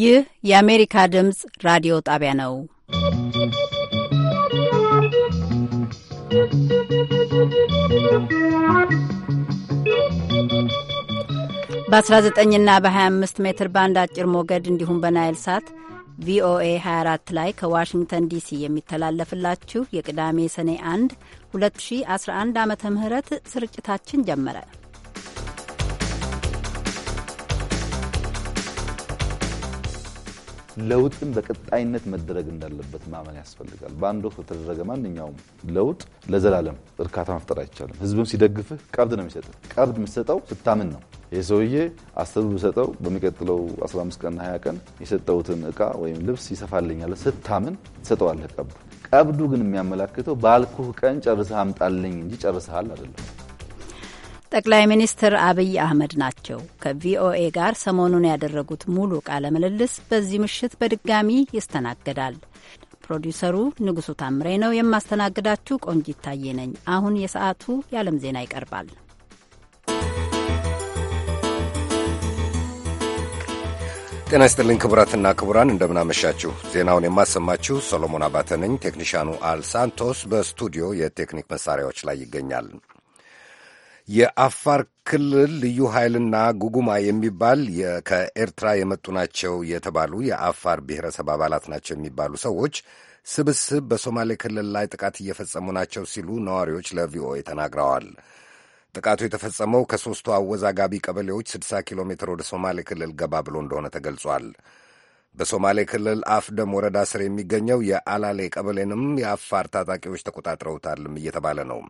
ይህ የአሜሪካ ድምፅ ራዲዮ ጣቢያ ነው። በ19ና በ25 ሜትር ባንድ አጭር ሞገድ እንዲሁም በናይል ሳት ቪኦኤ 24 ላይ ከዋሽንግተን ዲሲ የሚተላለፍላችሁ የቅዳሜ ሰኔ 1 2011 ዓ ም ስርጭታችን ጀመረ። ለውጥን በቀጣይነት መደረግ እንዳለበት ማመን ያስፈልጋል። በአንድ ወቅት በተደረገ ማንኛውም ለውጥ ለዘላለም እርካታ መፍጠር አይቻልም። ህዝብም ሲደግፍህ ቀብድ ነው የሚሰጥህ። ቀብድ የምትሰጠው ስታምን ነው። ይህ ሰውዬ አስር ብሰጠው በሚቀጥለው 15 ቀንና 20 ቀን የሰጠውትን እቃ ወይም ልብስ ይሰፋልኛል ስታምን ትሰጠዋለህ ቀብዱ። ቀብዱ ግን የሚያመላክተው ባልኩህ ቀን ጨርሰህ አምጣልኝ እንጂ ጨርሰሃል አይደለም። ጠቅላይ ሚኒስትር አብይ አህመድ ናቸው። ከቪኦኤ ጋር ሰሞኑን ያደረጉት ሙሉ ቃለ ምልልስ በዚህ ምሽት በድጋሚ ይስተናገዳል። ፕሮዲውሰሩ ንጉሱ ታምሬ ነው። የማስተናግዳችሁ ቆንጂት ታዬ ነኝ። አሁን የሰዓቱ የዓለም ዜና ይቀርባል። ጤና ይስጥልኝ ክቡራትና ክቡራን፣ እንደምናመሻችሁ። ዜናውን የማሰማችሁ ሰሎሞን አባተ ነኝ። ቴክኒሻኑ አል ሳንቶስ በስቱዲዮ የቴክኒክ መሳሪያዎች ላይ ይገኛል። የአፋር ክልል ልዩ ኃይልና ጉጉማ የሚባል ከኤርትራ የመጡ ናቸው የተባሉ የአፋር ብሔረሰብ አባላት ናቸው የሚባሉ ሰዎች ስብስብ በሶማሌ ክልል ላይ ጥቃት እየፈጸሙ ናቸው ሲሉ ነዋሪዎች ለቪኦኤ ተናግረዋል። ጥቃቱ የተፈጸመው ከሦስቱ አወዛጋቢ ቀበሌዎች 60 ኪሎ ሜትር ወደ ሶማሌ ክልል ገባ ብሎ እንደሆነ ተገልጿል። በሶማሌ ክልል አፍደም ወረዳ ስር የሚገኘው የአላሌ ቀበሌንም የአፋር ታጣቂዎች ተቆጣጥረውታልም እየተባለ ነው።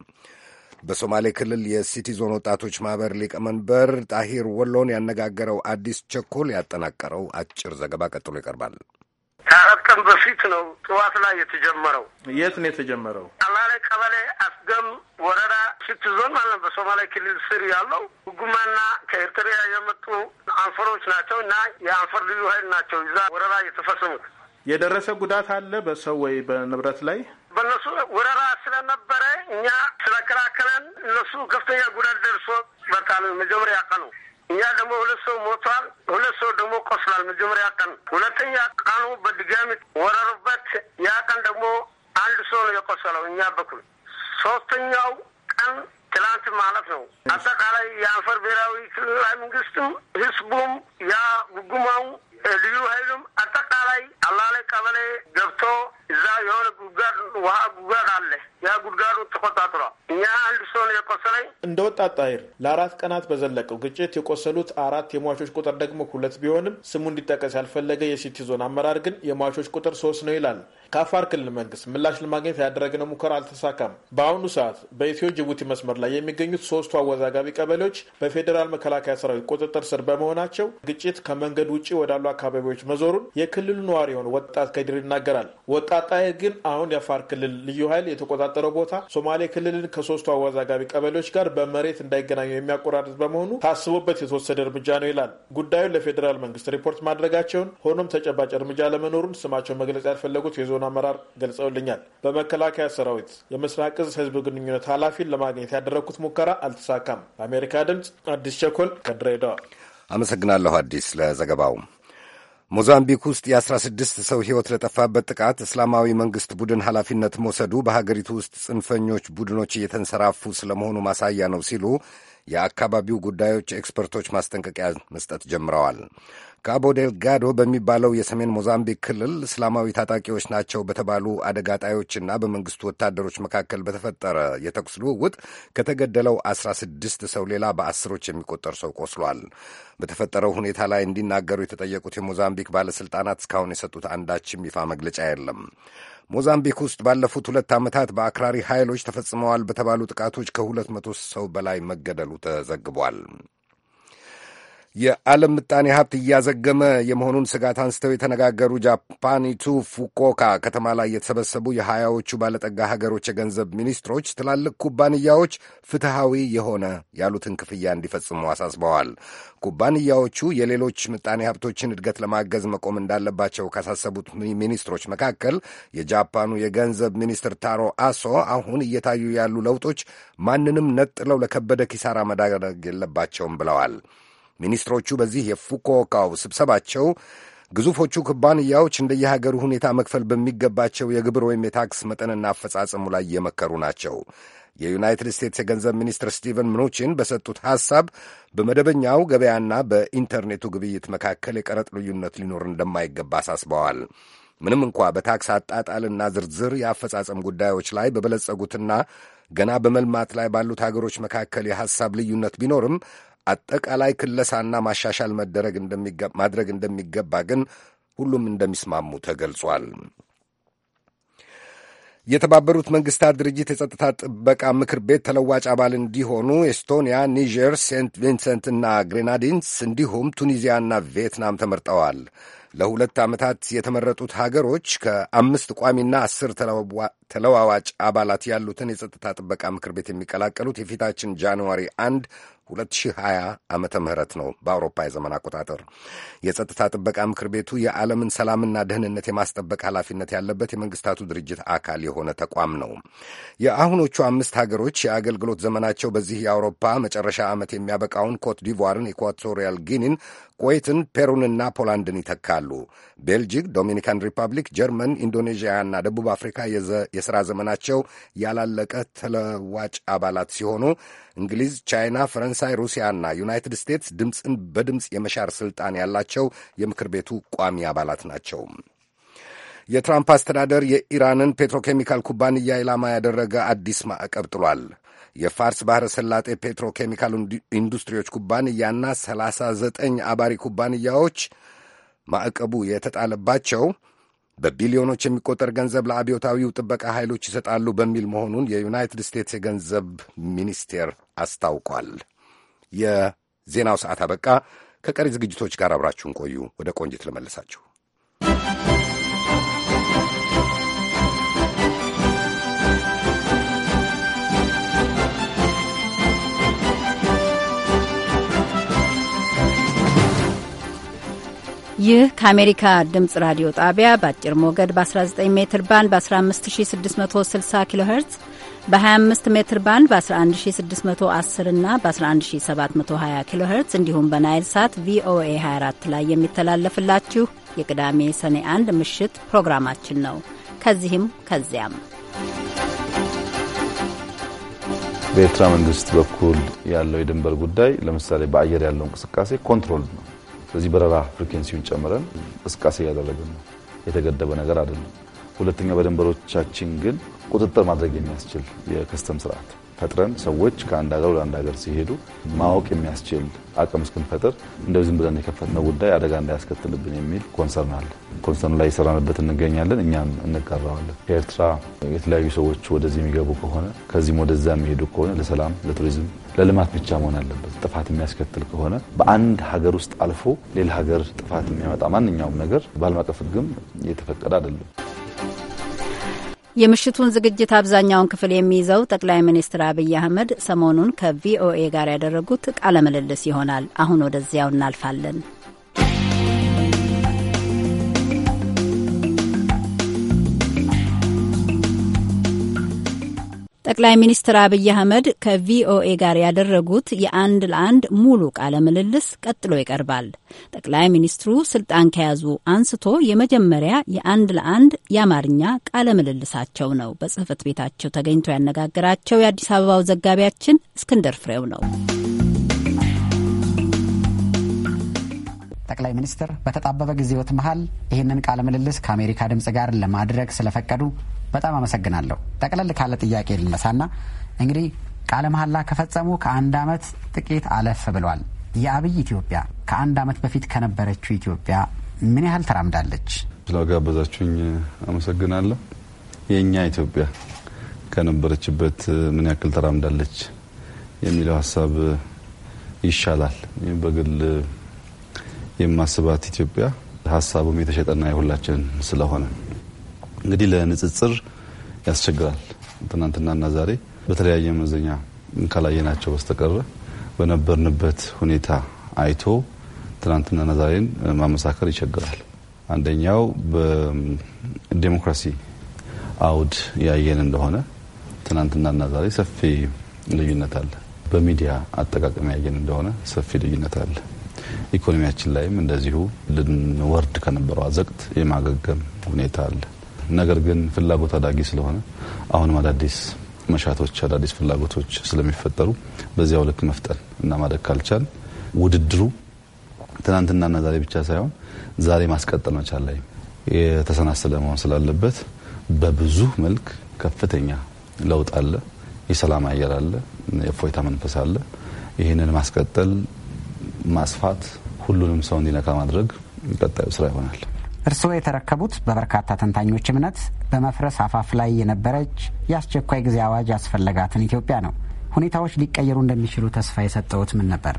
በሶማሌ ክልል የሲቲዞን ወጣቶች ማኅበር ሊቀመንበር ጣሂር ወሎን ያነጋገረው አዲስ ቸኮል ያጠናቀረው አጭር ዘገባ ቀጥሎ ይቀርባል። ከአራት ቀን በፊት ነው ጥዋት ላይ የተጀመረው። የት ነው የተጀመረው? አላላ ቀበሌ አስገም ወረዳ ሲቲዞን ማለት በሶማሌ ክልል ስር ያለው ጉማና ከኤርትሪያ የመጡ አንፈሮች ናቸው እና የአንፈር ልዩ ኃይል ናቸው እዛ ወረዳ የተፈሰሙት። የደረሰ ጉዳት አለ በሰው ወይ በንብረት ላይ በእነሱ ወረራ ስለነበረ እኛ ስለከላከለን እነሱ ከፍተኛ ጉዳት ደርሶ በታል መጀመሪያ ቀኑ እኛ ደግሞ ሁለት ሰው ሞቷል፣ ሁለት ሰው ደግሞ ቆስሏል። መጀመሪያ ቀን ሁለተኛ ቀኑ በድጋሚ ወረሩበት። ያ ቀን ደግሞ አንድ ሰው ነው የቆሰለው እኛ በኩል ሶስተኛው ቀን ትላንት ማለት ነው። አጠቃላይ የአንፈር ብሔራዊ ክልላዊ መንግስትም ህዝቡም ያ ጉጉማው ልዩ ኃይሉም አጠቃላይ አላላይ ቀበሌ ገብቶ እዛ የሆነ ጉድጓድ ውሃ ጉድጓድ አለ። ያ ጉድጓዱ ተቆጣጥሯል። እኛ አንድ ሰው ነው የቆሰለኝ። እንደ ወጣት ጣይር ለአራት ቀናት በዘለቀው ግጭት የቆሰሉት አራት የሟቾች ቁጥር ደግሞ ሁለት ቢሆንም ስሙ እንዲጠቀስ ያልፈለገ የሲቲ ዞን አመራር ግን የሟቾች ቁጥር ሶስት ነው ይላል። ከአፋር ክልል መንግስት ምላሽ ለማግኘት ያደረግነው ሙከራ አልተሳካም። በአሁኑ ሰዓት በኢትዮ ጅቡቲ መስመር ላይ የሚገኙት ሶስቱ አወዛጋቢ ቀበሌዎች በፌዴራል መከላከያ ሰራዊት ቁጥጥር ስር በመሆናቸው ግጭት ከመንገድ ውጭ ወዳሉ አካባቢዎች መዞሩን የክልሉ ነዋሪ የሆነ ወጣት ከድር ይናገራል። በቀጣይ ግን አሁን የአፋር ክልል ልዩ ኃይል የተቆጣጠረው ቦታ ሶማሌ ክልልን ከሶስቱ አወዛጋቢ ቀበሌዎች ጋር በመሬት እንዳይገናኙ የሚያቆራርጥ በመሆኑ ታስቦበት የተወሰደ እርምጃ ነው ይላል። ጉዳዩን ለፌዴራል መንግስት ሪፖርት ማድረጋቸውን፣ ሆኖም ተጨባጭ እርምጃ ለመኖሩን ስማቸው መግለጽ ያልፈለጉት የዞን አመራር ገልጸውልኛል። በመከላከያ ሰራዊት የምስራቅ እዝ ህዝብ ግንኙነት ኃላፊን ለማግኘት ያደረግኩት ሙከራ አልተሳካም። ለአሜሪካ ድምፅ አዲስ ቸኮል ከድሬዳዋ አመሰግናለሁ። አዲስ ለዘገባው። ሞዛምቢክ ውስጥ የ16 ሰው ሕይወት ለጠፋበት ጥቃት እስላማዊ መንግሥት ቡድን ኃላፊነት መውሰዱ በሀገሪቱ ውስጥ ጽንፈኞች ቡድኖች እየተንሰራፉ ስለመሆኑ ማሳያ ነው ሲሉ የአካባቢው ጉዳዮች ኤክስፐርቶች ማስጠንቀቂያ መስጠት ጀምረዋል። ካቦ ዴልጋዶ በሚባለው የሰሜን ሞዛምቢክ ክልል እስላማዊ ታጣቂዎች ናቸው በተባሉ አደጋ ጣዮችና በመንግስቱ ወታደሮች መካከል በተፈጠረ የተኩስ ልውውጥ ከተገደለው 16 ሰው ሌላ በአስሮች የሚቆጠር ሰው ቆስሏል። በተፈጠረው ሁኔታ ላይ እንዲናገሩ የተጠየቁት የሞዛምቢክ ባለሥልጣናት እስካሁን የሰጡት አንዳችም ይፋ መግለጫ የለም። ሞዛምቢክ ውስጥ ባለፉት ሁለት ዓመታት በአክራሪ ኃይሎች ተፈጽመዋል በተባሉ ጥቃቶች ከሁለት መቶ ሰው በላይ መገደሉ ተዘግቧል። የዓለም ምጣኔ ሀብት እያዘገመ የመሆኑን ስጋት አንስተው የተነጋገሩ ጃፓኒቱ ፉኮካ ከተማ ላይ የተሰበሰቡ የሀያዎቹ ባለጠጋ ሀገሮች የገንዘብ ሚኒስትሮች ትላልቅ ኩባንያዎች ፍትሐዊ የሆነ ያሉትን ክፍያ እንዲፈጽሙ አሳስበዋል። ኩባንያዎቹ የሌሎች ምጣኔ ሀብቶችን እድገት ለማገዝ መቆም እንዳለባቸው ካሳሰቡት ሚኒስትሮች መካከል የጃፓኑ የገንዘብ ሚኒስትር ታሮ አሶ አሁን እየታዩ ያሉ ለውጦች ማንንም ነጥለው ለከበደ ኪሳራ መዳረግ የለባቸውም ብለዋል። ሚኒስትሮቹ በዚህ የፉኮካው ስብሰባቸው ግዙፎቹ ኩባንያዎች እንደየሀገሩ ሁኔታ መክፈል በሚገባቸው የግብር ወይም የታክስ መጠንና አፈጻጸሙ ላይ የመከሩ ናቸው። የዩናይትድ ስቴትስ የገንዘብ ሚኒስትር ስቲቨን ምኑቺን በሰጡት ሐሳብ በመደበኛው ገበያና በኢንተርኔቱ ግብይት መካከል የቀረጥ ልዩነት ሊኖር እንደማይገባ አሳስበዋል። ምንም እንኳ በታክስ አጣጣልና ዝርዝር የአፈጻጸም ጉዳዮች ላይ በበለጸጉትና ገና በመልማት ላይ ባሉት ሀገሮች መካከል የሐሳብ ልዩነት ቢኖርም አጠቃላይ ክለሳና ማሻሻል ማድረግ እንደሚገባ ግን ሁሉም እንደሚስማሙ ተገልጿል። የተባበሩት መንግስታት ድርጅት የጸጥታ ጥበቃ ምክር ቤት ተለዋጭ አባል እንዲሆኑ ኤስቶኒያ፣ ኒጀር፣ ሴንት ቪንሰንት እና ግሬናዲንስ እንዲሁም ቱኒዚያና ቪየትናም ተመርጠዋል። ለሁለት ዓመታት የተመረጡት ሀገሮች ከአምስት ቋሚና አስር ተለዋዋጭ አባላት ያሉትን የጸጥታ ጥበቃ ምክር ቤት የሚቀላቀሉት የፊታችን ጃንዋሪ አንድ 2020 ዓመተ ምህረት ነው በአውሮፓ የዘመን አቆጣጠር። የጸጥታ ጥበቃ ምክር ቤቱ የዓለምን ሰላምና ደህንነት የማስጠበቅ ኃላፊነት ያለበት የመንግስታቱ ድርጅት አካል የሆነ ተቋም ነው። የአሁኖቹ አምስት ሀገሮች የአገልግሎት ዘመናቸው በዚህ የአውሮፓ መጨረሻ ዓመት የሚያበቃውን ኮት ዲቯርን፣ ኢኳቶሪያል ጊኒን፣ ኩዌትን፣ ፔሩንና ፖላንድን ይተካሉ። ቤልጂክ፣ ዶሚኒካን ሪፐብሊክ፣ ጀርመን፣ ኢንዶኔዥያና ደቡብ አፍሪካ የሥራ ዘመናቸው ያላለቀ ተለዋጭ አባላት ሲሆኑ እንግሊዝ፣ ቻይና፣ ፈረንሳይ፣ ሩሲያና ዩናይትድ ስቴትስ ድምፅን በድምፅ የመሻር ስልጣን ያላቸው የምክር ቤቱ ቋሚ አባላት ናቸው። የትራምፕ አስተዳደር የኢራንን ፔትሮኬሚካል ኩባንያ ኢላማ ያደረገ አዲስ ማዕቀብ ጥሏል። የፋርስ ባህረ ሰላጤ ፔትሮ ኬሚካል ኢንዱስትሪዎች ኩባንያና 39 አባሪ ኩባንያዎች ማዕቀቡ የተጣለባቸው በቢሊዮኖች የሚቆጠር ገንዘብ ለአብዮታዊው ጥበቃ ኃይሎች ይሰጣሉ በሚል መሆኑን የዩናይትድ ስቴትስ የገንዘብ ሚኒስቴር አስታውቋል። የዜናው ሰዓት አበቃ። ከቀሪ ዝግጅቶች ጋር አብራችሁን ቆዩ። ወደ ቆንጅት ልመልሳችሁ። ይህ ከአሜሪካ ድምፅ ራዲዮ ጣቢያ በአጭር ሞገድ በ19 ሜትር ባንድ በ15660 ኪሎ ሄርትዝ በ25 ሜትር ባንድ በ11610 እና በ11720 ኪሎ ሄርትዝ እንዲሁም በናይል ሳት ቪኦኤ 24 ላይ የሚተላለፍላችሁ የቅዳሜ ሰኔ አንድ ምሽት ፕሮግራማችን ነው። ከዚህም ከዚያም በኤርትራ መንግስት በኩል ያለው የድንበር ጉዳይ ለምሳሌ በአየር ያለው እንቅስቃሴ ኮንትሮል ነው። ስለዚህ በረራ ፍሪኬንሲውን ጨምረን እንቅስቃሴ እያደረግን ነው። የተገደበ ነገር አይደለም። ሁለተኛ በደንበሮቻችን ግን ቁጥጥር ማድረግ የሚያስችል የከስተም ስርዓት ፈጥረን ሰዎች ከአንድ ሀገር ወደ አንድ ሀገር ሲሄዱ ማወቅ የሚያስችል አቅም እስክንፈጥር እንደዚህ ዝም ብለን የከፈትነው ጉዳይ አደጋ እንዳያስከትልብን የሚል ኮንሰርን አለ። ኮንሰርን ላይ የሰራንበት እንገኛለን። እኛም እንቀረዋለን። ከኤርትራ የተለያዩ ሰዎች ወደዚህ የሚገቡ ከሆነ ከዚህም ወደዛ የሚሄዱ ከሆነ ለሰላም፣ ለቱሪዝም፣ ለልማት ብቻ መሆን አለበት። ጥፋት የሚያስከትል ከሆነ በአንድ ሀገር ውስጥ አልፎ ሌላ ሀገር ጥፋት የሚያመጣ ማንኛውም ነገር በዓለም አቀፍ ሕግም የተፈቀደ አይደለም። የምሽቱን ዝግጅት አብዛኛውን ክፍል የሚይዘው ጠቅላይ ሚኒስትር አብይ አህመድ ሰሞኑን ከቪኦኤ ጋር ያደረጉት ቃለ ምልልስ ይሆናል። አሁን ወደዚያው እናልፋለን። ጠቅላይ ሚኒስትር አብይ አህመድ ከቪኦኤ ጋር ያደረጉት የአንድ ለአንድ ሙሉ ቃለ ምልልስ ቀጥሎ ይቀርባል። ጠቅላይ ሚኒስትሩ ስልጣን ከያዙ አንስቶ የመጀመሪያ የአንድ ለአንድ የአማርኛ ቃለ ምልልሳቸው ነው። በጽህፈት ቤታቸው ተገኝቶ ያነጋገራቸው የአዲስ አበባው ዘጋቢያችን እስክንደር ፍሬው ነው። ጠቅላይ ሚኒስትር በተጣበበ ጊዜዎት መሀል ይህንን ቃለ ምልልስ ከአሜሪካ ድምፅ ጋር ለማድረግ ስለፈቀዱ በጣም አመሰግናለሁ። ጠቅለል ካለ ጥያቄ ልነሳና እንግዲህ ቃለ መሐላ ከፈጸሙ ከአንድ ዓመት ጥቂት አለፍ ብሏል። የአብይ ኢትዮጵያ ከአንድ ዓመት በፊት ከነበረችው ኢትዮጵያ ምን ያህል ተራምዳለች? ስለጋበዛችሁኝ አመሰግናለሁ። የእኛ ኢትዮጵያ ከነበረችበት ምን ያክል ተራምዳለች የሚለው ሀሳብ ይሻላል። በግል የማስባት ኢትዮጵያ ሀሳቡም የተሸጠና የሁላችን ስለሆነ እንግዲህ ለንጽጽር ያስቸግራል። ትናንትናና ዛሬ በተለያየ መመዘኛ ካላየናቸው በስተቀረ በነበርንበት ሁኔታ አይቶ ትናንትናና ዛሬን ማመሳከር ይቸግራል። አንደኛው በዴሞክራሲ አውድ ያየን እንደሆነ ትናንትናና ዛሬ ሰፊ ልዩነት አለ። በሚዲያ አጠቃቀም ያየን እንደሆነ ሰፊ ልዩነት አለ። ኢኮኖሚያችን ላይም እንደዚሁ ልንወርድ ከነበረው አዘቅት የማገገም ሁኔታ አለ። ነገር ግን ፍላጎት አዳጊ ስለሆነ አሁንም አዳዲስ መሻቶች አዳዲስ ፍላጎቶች ስለሚፈጠሩ በዚያው ልክ መፍጠን እና ማደግ ካልቻል ውድድሩ ትናንትናና ዛሬ ብቻ ሳይሆን ዛሬ ማስቀጠል መቻል ላይ የተሰናሰለ መሆን ስላለበት በብዙ መልክ ከፍተኛ ለውጥ አለ። የሰላም አየር አለ፣ የእፎይታ መንፈስ አለ። ይህንን ማስቀጠል፣ ማስፋት፣ ሁሉንም ሰው እንዲነካ ማድረግ ቀጣዩ ስራ ይሆናል። እርስዎ የተረከቡት በበርካታ ተንታኞች እምነት በመፍረስ አፋፍ ላይ የነበረች የአስቸኳይ ጊዜ አዋጅ ያስፈለጋትን ኢትዮጵያ ነው። ሁኔታዎች ሊቀየሩ እንደሚችሉ ተስፋ የሰጠውት ምን ነበር?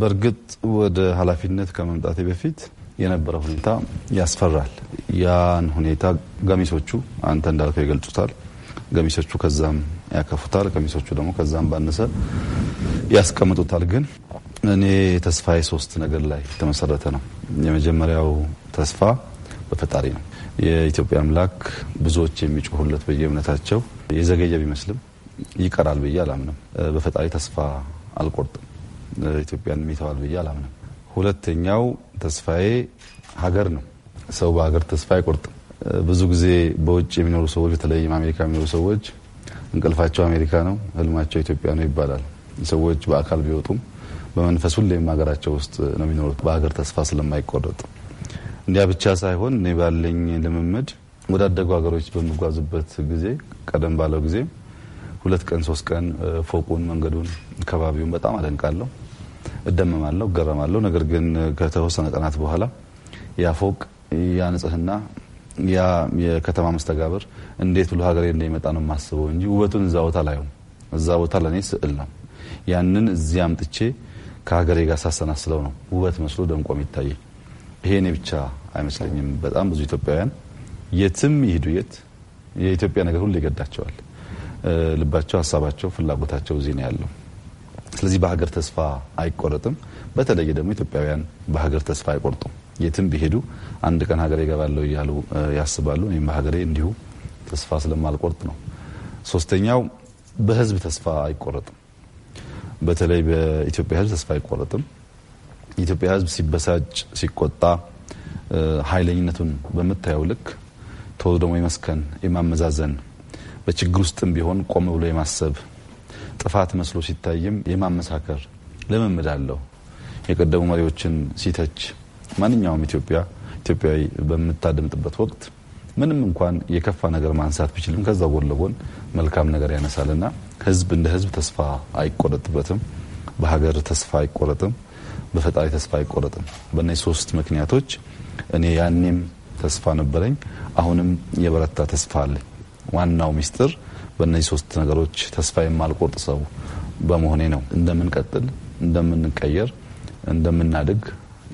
በእርግጥ ወደ ኃላፊነት ከመምጣቴ በፊት የነበረ ሁኔታ ያስፈራል። ያን ሁኔታ ገሚሶቹ አንተ እንዳልከው ይገልጹታል። ገሚሶቹ ከዛም ያከፉታል። ገሚሶቹ ደግሞ ከዛም ባነሰ ያስቀምጡታል። ግን እኔ ተስፋዬ ሶስት ነገር ላይ የተመሰረተ ነው። የመጀመሪያው ተስፋ በፈጣሪ ነው። የኢትዮጵያ አምላክ ብዙዎች የሚጮሁለት በየእምነታቸው የዘገየ ቢመስልም ይቀራል ብዬ አላምንም። በፈጣሪ ተስፋ አልቆርጥም። ኢትዮጵያን የሚተዋል ብዬ አላምንም። ሁለተኛው ተስፋዬ ሀገር ነው። ሰው በሀገር ተስፋ አይቆርጥም። ብዙ ጊዜ በውጭ የሚኖሩ ሰዎች በተለይም አሜሪካ የሚኖሩ ሰዎች እንቅልፋቸው አሜሪካ ነው፣ ህልማቸው ኢትዮጵያ ነው ይባላል። ሰዎች በአካል ቢወጡም በመንፈስ ሁሌም ሀገራቸው ውስጥ ነው የሚኖሩት በሀገር ተስፋ ስለማይቆረጥ እንዲያ ብቻ ሳይሆን እኔ ባለኝ ልምምድ ወዳደጉ ሀገሮች በምጓዝበት ጊዜ ቀደም ባለው ጊዜ ሁለት ቀን ሶስት ቀን ፎቁን፣ መንገዱን፣ ከባቢውን በጣም አደንቃለሁ፣ እደመማለሁ፣ እገረማለሁ። ነገር ግን ከተወሰነ ቀናት በኋላ ያ ፎቅ ያ ንጽህና ያ የከተማ መስተጋብር እንዴት ብሎ ሀገሬ እንደሚመጣ ነው የማስበው እንጂ ውበቱን እዛ ቦታ ላይ እዛ ቦታ ለእኔ ስዕል ነው። ያንን እዚያ አምጥቼ ከሀገሬ ጋር ሳሰናስለው ነው ውበት መስሎ ደምቆ የሚታየኝ። ይሄኔ ብቻ አይመስለኝም። በጣም ብዙ ኢትዮጵያውያን የትም ይሄዱ የት የኢትዮጵያ ነገር ሁሉ ይገዳቸዋል። ልባቸው፣ ሀሳባቸው፣ ፍላጎታቸው እዚህ ነው ያለው። ስለዚህ በሀገር ተስፋ አይቆረጥም። በተለይ ደግሞ ኢትዮጵያውያን በሀገር ተስፋ አይቆርጡም። የትም ቢሄዱ አንድ ቀን ሀገሬ እገባለሁ እያሉ ያስባሉ። እኔም በሀገሬ እንዲሁ ተስፋ ስለማልቆርጥ ነው። ሶስተኛው በህዝብ ተስፋ አይቆረጥም። በተለይ በኢትዮጵያ ህዝብ ተስፋ አይቆረጥም። የኢትዮጵያ ሕዝብ ሲበሳጭ ሲቆጣ ኃይለኝነቱን በምታየው ልክ ተወ ደግሞ የመስከን የማመዛዘን በችግር ውስጥም ቢሆን ቆም ብሎ የማሰብ ጥፋት መስሎ ሲታይም የማመሳከር ልምምድ አለው። የቀደሙ መሪዎችን ሲተች ማንኛውም ኢትዮጵያ ኢትዮጵያዊ በምታደምጥበት ወቅት ምንም እንኳን የከፋ ነገር ማንሳት ቢችልም ከዛ ጎን ለጎን መልካም ነገር ያነሳልና ህዝብ እንደ ህዝብ ተስፋ አይቆረጥበትም። በሀገር ተስፋ አይቆረጥም። በፈጣሪ ተስፋ አይቆረጥም። በእነዚህ ሶስት ምክንያቶች እኔ ያኔም ተስፋ ነበረኝ፣ አሁንም የበረታ ተስፋ አለ። ዋናው ሚስጥር በእነዚህ ሶስት ነገሮች ተስፋ የማልቆርጥ ሰው በመሆኔ ነው። እንደምንቀጥል፣ እንደምንቀየር፣ እንደምናድግ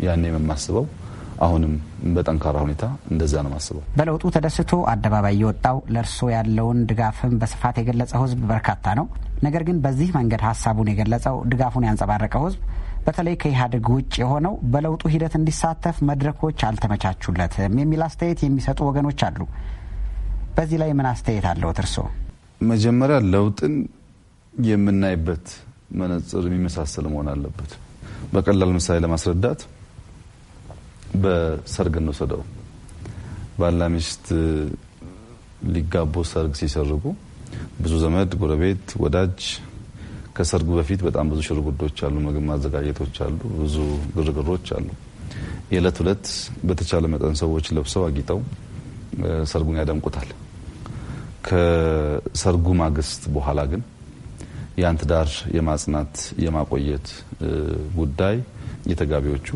ያኔ የማስበው አሁንም በጠንካራ ሁኔታ እንደዛ ነው ማስበው። በለውጡ ተደስቶ አደባባይ የወጣው ለእርሶ ያለውን ድጋፍም በስፋት የገለጸው ህዝብ በርካታ ነው። ነገር ግን በዚህ መንገድ ሀሳቡን የገለጸው ድጋፉን ያንጸባረቀው ህዝብ። በተለይ ከኢህአዴግ ውጭ የሆነው በለውጡ ሂደት እንዲሳተፍ መድረኮች አልተመቻቹለትም የሚል አስተያየት የሚሰጡ ወገኖች አሉ። በዚህ ላይ ምን አስተያየት አለዎት እርስዎ? መጀመሪያ ለውጥን የምናይበት መነጽር የሚመሳሰል መሆን አለበት። በቀላል ምሳሌ ለማስረዳት በሰርግ እንውሰደው። ባልና ሚስት ሊጋቡ ሰርግ ሲሰርጉ ብዙ ዘመድ፣ ጎረቤት፣ ወዳጅ ከሰርጉ በፊት በጣም ብዙ ሽርጉዶች አሉ፣ ምግብ ማዘጋጀቶች አሉ፣ ብዙ ግርግሮች አሉ። የዕለት ሁለት በተቻለ መጠን ሰዎች ለብሰው አጊጠው ሰርጉን ያደምቁታል። ከሰርጉ ማግስት በኋላ ግን ያን ትዳር የማጽናት የማቆየት ጉዳይ የተጋቢዎቹ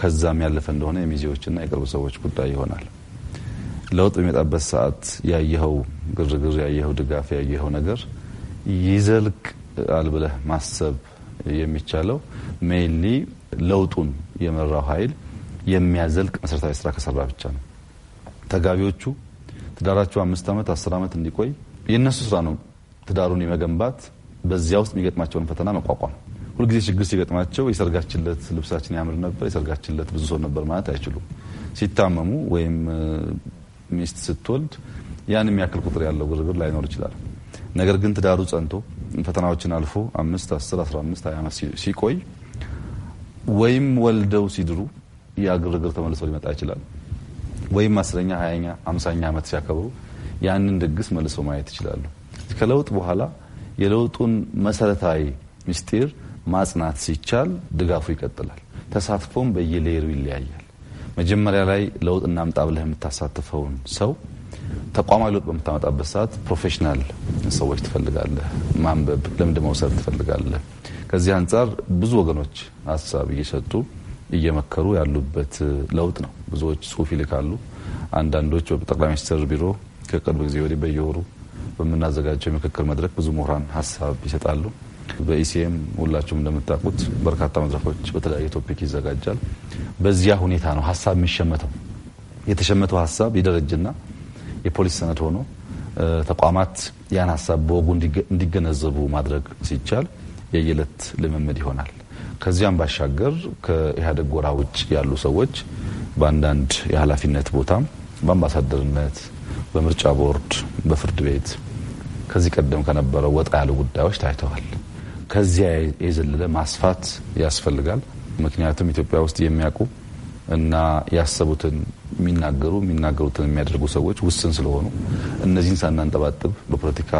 ከዛም ያለፈ እንደሆነ የሚዜዎችና የቅርብ ሰዎች ጉዳይ ይሆናል። ለውጥ በሚመጣበት ሰዓት ያየኸው ግርግር፣ ያየኸው ድጋፍ፣ ያየኸው ነገር ይዘልቅ አልብለህ ማሰብ የሚቻለው ሜይንሊ ለውጡን የመራው ኃይል የሚያዘልቅ መሰረታዊ ስራ ከሰራ ብቻ ነው። ተጋቢዎቹ ትዳራቸው አምስት ዓመት አስር ዓመት እንዲቆይ የእነሱ ስራ ነው። ትዳሩን የመገንባት በዚያ ውስጥ የሚገጥማቸውን ፈተና መቋቋም። ሁልጊዜ ችግር ሲገጥማቸው የሰርጋችለት ልብሳችን ያምር ነበር፣ የሰርጋችለት ብዙ ሰው ነበር ማለት አይችሉም። ሲታመሙ ወይም ሚስት ስትወልድ ያን የሚያክል ቁጥር ያለው ግርግር ላይኖር ይችላል። ነገር ግን ትዳሩ ጸንቶ ፈተናዎችን አልፎ አምስት አስር አስራ አምስት ሀያ ዓመት ሲቆይ ወይም ወልደው ሲድሩ ያ ግርግር ተመልሶ ሊመጣ ይችላል። ወይም አስረኛ ሀያኛ አምሳኛ ዓመት ሲያከብሩ ያንን ድግስ መልሶ ማየት ይችላሉ። ከለውጥ በኋላ የለውጡን መሰረታዊ ምስጢር ማጽናት ሲቻል ድጋፉ ይቀጥላል። ተሳትፎም በየሌሩ ይለያያል። መጀመሪያ ላይ ለውጥ እናምጣ ብለህ የምታሳትፈውን ሰው ተቋማዊ ለውጥ በምታመጣበት ሰዓት ፕሮፌሽናል ሰዎች ትፈልጋለህ፣ ማንበብ ልምድ መውሰድ ትፈልጋለህ። ከዚህ አንጻር ብዙ ወገኖች ሀሳብ እየሰጡ እየመከሩ ያሉበት ለውጥ ነው። ብዙዎች ጽሁፍ ይልካሉ። አንዳንዶች በጠቅላይ ሚኒስትር ቢሮ ከቅርብ ጊዜ ወዲህ በየወሩ በምናዘጋጀው የምክክር መድረክ ብዙ ምሁራን ሀሳብ ይሰጣሉ። በኢሲኤም ሁላችሁም እንደምታውቁት በርካታ መድረኮች በተለያየ ቶፒክ ይዘጋጃል። በዚያ ሁኔታ ነው ሀሳብ የሚሸመተው። የተሸመተው ሀሳብ ይደረጅና የፖሊስ ሰነድ ሆኖ ተቋማት ያን ሀሳብ በወጉ እንዲገነዘቡ ማድረግ ሲቻል የየለት ልምምድ ይሆናል። ከዚያም ባሻገር ከኢህአዴግ ጎራ ውጭ ያሉ ሰዎች በአንዳንድ የኃላፊነት ቦታ በአምባሳደርነት፣ በምርጫ ቦርድ፣ በፍርድ ቤት ከዚህ ቀደም ከነበረው ወጣ ያሉ ጉዳዮች ታይተዋል። ከዚያ የዘለለ ማስፋት ያስፈልጋል። ምክንያቱም ኢትዮጵያ ውስጥ የሚያውቁ እና ያሰቡትን የሚናገሩ የሚናገሩትን የሚያደርጉ ሰዎች ውስን ስለሆኑ እነዚህን ሳናንጠባጥብ በፖለቲካ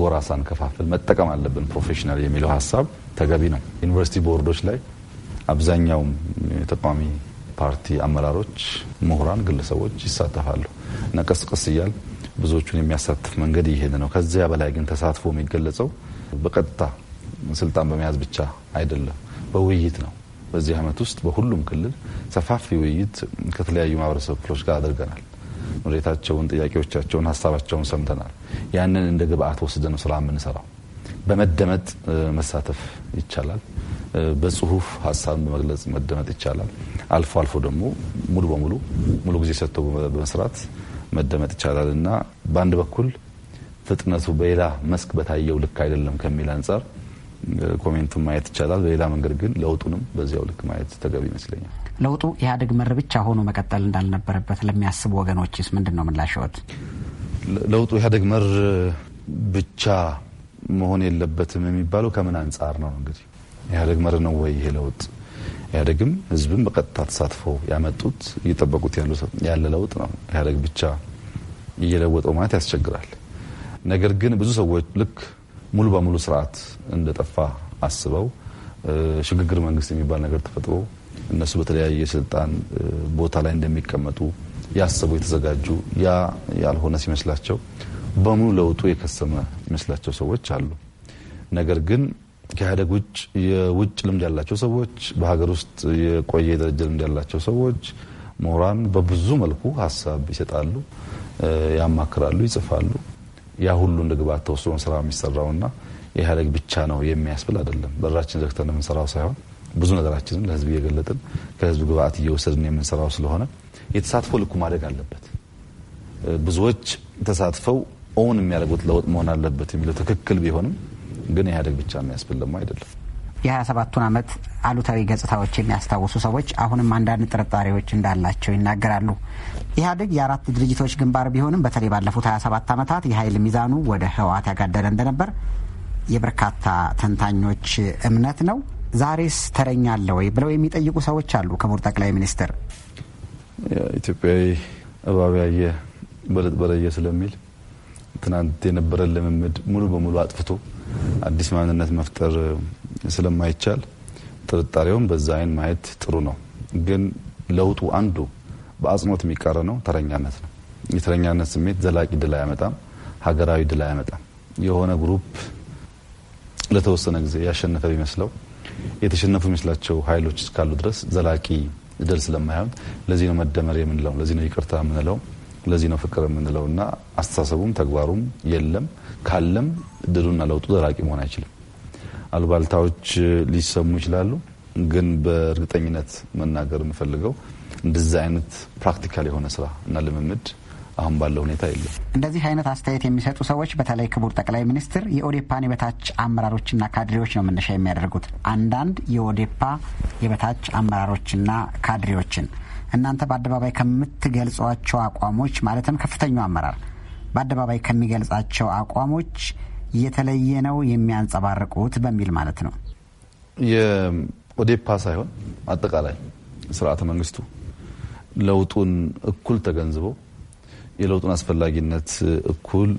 ጎራ ሳንከፋፍል መጠቀም አለብን ፕሮፌሽናል የሚለው ሀሳብ ተገቢ ነው። ዩኒቨርሲቲ ቦርዶች ላይ አብዛኛውም የተቃዋሚ ፓርቲ አመራሮች፣ ምሁራን፣ ግለሰቦች ይሳተፋሉ እና ቀስ እያል ብዙዎቹን የሚያሳትፍ መንገድ ይሄን ነው። ከዚያ በላይ ግን ተሳትፎ የሚገለጸው በቀጥታ ስልጣን በመያዝ ብቻ አይደለም፣ በውይይት ነው። በዚህ ዓመት ውስጥ በሁሉም ክልል ሰፋፊ ውይይት ከተለያዩ ማህበረሰብ ክፍሎች ጋር አድርገናል። ኑሬታቸውን፣ ጥያቄዎቻቸውን፣ ሀሳባቸውን ሰምተናል። ያንን እንደ ግብአት ወስደን ነው ስራ የምንሰራው። በመደመጥ መሳተፍ ይቻላል። በጽሁፍ ሀሳብን በመግለጽ መደመጥ ይቻላል። አልፎ አልፎ ደግሞ ሙሉ በሙሉ ሙሉ ጊዜ ሰጥቶ በመስራት መደመጥ ይቻላል እና በአንድ በኩል ፍጥነቱ በሌላ መስክ በታየው ልክ አይደለም ከሚል አንጻር ኮሜንቱን ማየት ይቻላል። በሌላ መንገድ ግን ለውጡንም በዚያው ልክ ማየት ተገቢ ይመስለኛል። ለውጡ ኢህአዴግ መር ብቻ ሆኖ መቀጠል እንዳልነበረበት ለሚያስቡ ወገኖችስ ምንድን ነው ምላሽዎት? ለውጡ ኢህአዴግ መር ብቻ መሆን የለበትም የሚባለው ከምን አንጻር ነው? እንግዲህ ኢህአዴግ መር ነው ወይ ይሄ ለውጥ? ኢህአዴግም ህዝብን በቀጥታ ተሳትፎ ያመጡት እየጠበቁት ያለ ለውጥ ነው። ኢህአዴግ ብቻ እየለወጠው ማለት ያስቸግራል። ነገር ግን ብዙ ሰዎች ልክ ሙሉ በሙሉ ስርዓት እንደጠፋ አስበው ሽግግር መንግስት የሚባል ነገር ተፈጥሮ እነሱ በተለያየ ስልጣን ቦታ ላይ እንደሚቀመጡ ያሰቡ የተዘጋጁ ያ ያልሆነ ሲመስላቸው በሙሉ ለውጡ የከሰመ ይመስላቸው ሰዎች አሉ። ነገር ግን ከኢህአዴግ ውጭ የውጭ ልምድ ያላቸው ሰዎች፣ በሀገር ውስጥ የቆየ ደረጃ ልምድ ያላቸው ሰዎች፣ ምሁራን በብዙ መልኩ ሀሳብ ይሰጣሉ፣ ያማክራሉ፣ ይጽፋሉ። ያ ሁሉ እንደ ግብአት ተወስዶ ስራ የሚሰራውና ኢህአዴግ ብቻ ነው የሚያስብል አይደለም። በራችን ዘግተን የምንሰራው ሳይሆን ብዙ ነገራችንን ለህዝብ እየገለጥን ከህዝብ ግብዓት እየወሰድን የምንሰራው ስለሆነ የተሳትፎ ልኩ ማደግ አለበት። ብዙዎች ተሳትፈው ኦውን የሚያደርጉት ለውጥ መሆን አለበት የሚለው ትክክል ቢሆንም ግን ኢህአዴግ ብቻ የሚያስብል ደግሞ አይደለም። የ27ቱን ዓመት አሉታዊ ገጽታዎች የሚያስታውሱ ሰዎች አሁንም አንዳንድ ጥርጣሬዎች እንዳላቸው ይናገራሉ። ኢህአዴግ የአራት ድርጅቶች ግንባር ቢሆንም በተለይ ባለፉት 27 ዓመታት የኃይል ሚዛኑ ወደ ህወሓት ያጋደለ እንደነበር የበርካታ ተንታኞች እምነት ነው። ዛሬስ ተረኛ አለ ወይ ብለው የሚጠይቁ ሰዎች አሉ። ክቡር ጠቅላይ ሚኒስትር ኢትዮጵያዊ እባብ ያየ በለጥ በለየ ስለሚል ትናንት የነበረን ልምምድ ሙሉ በሙሉ አጥፍቶ አዲስ ማንነት መፍጠር ስለማይቻል ጥርጣሬውን በዛ አይን ማየት ጥሩ ነው። ግን ለውጡ አንዱ በአጽንኦት የሚቃረነው ተረኛነት ነው። የተረኛነት ስሜት ዘላቂ ድል አያመጣም፣ ሀገራዊ ድል አያመጣም። የሆነ ግሩፕ ለተወሰነ ጊዜ ያሸነፈ ቢመስለው የተሸነፉ ይመስላቸው ኃይሎች እስካሉ ድረስ ዘላቂ ድል ስለማይሆን ለዚህ ነው መደመር የምንለው፣ ለዚህ ነው ይቅርታ የምንለው። ለዚህ ነው ፍቅር እና አስተሳሰቡም ተግባሩም የለም ካለም እድሉና ለውጡ ዘላቂ መሆን አይችልም። አልባልታዎች ሊሰሙ ይችላሉ፣ ግን በእርግጠኝነት መናገር የምፈልገው እንደዚህ አይነት ፕራክቲካል የሆነ ስራ እና ልምምድ አሁን ባለው ሁኔታ የለም። እንደዚህ አይነት አስተያየት የሚሰጡ ሰዎች በተለይ ክቡር ጠቅላይ ሚኒስትር የኦዴፓን የበታች አመራሮችና ካድሬዎች ነው መነሻ የሚያደርጉት አንዳንድ የኦዴፓ የበታች አመራሮችና ካድሬዎችን እናንተ በአደባባይ ከምትገልጿቸው አቋሞች ማለትም ከፍተኛው አመራር በአደባባይ ከሚገልጻቸው አቋሞች የተለየ ነው የሚያንጸባርቁት በሚል ማለት ነው። የኦዴፓ ሳይሆን አጠቃላይ ስርዓተ መንግስቱ ለውጡን እኩል ተገንዝቦ የለውጡን አስፈላጊነት እኩል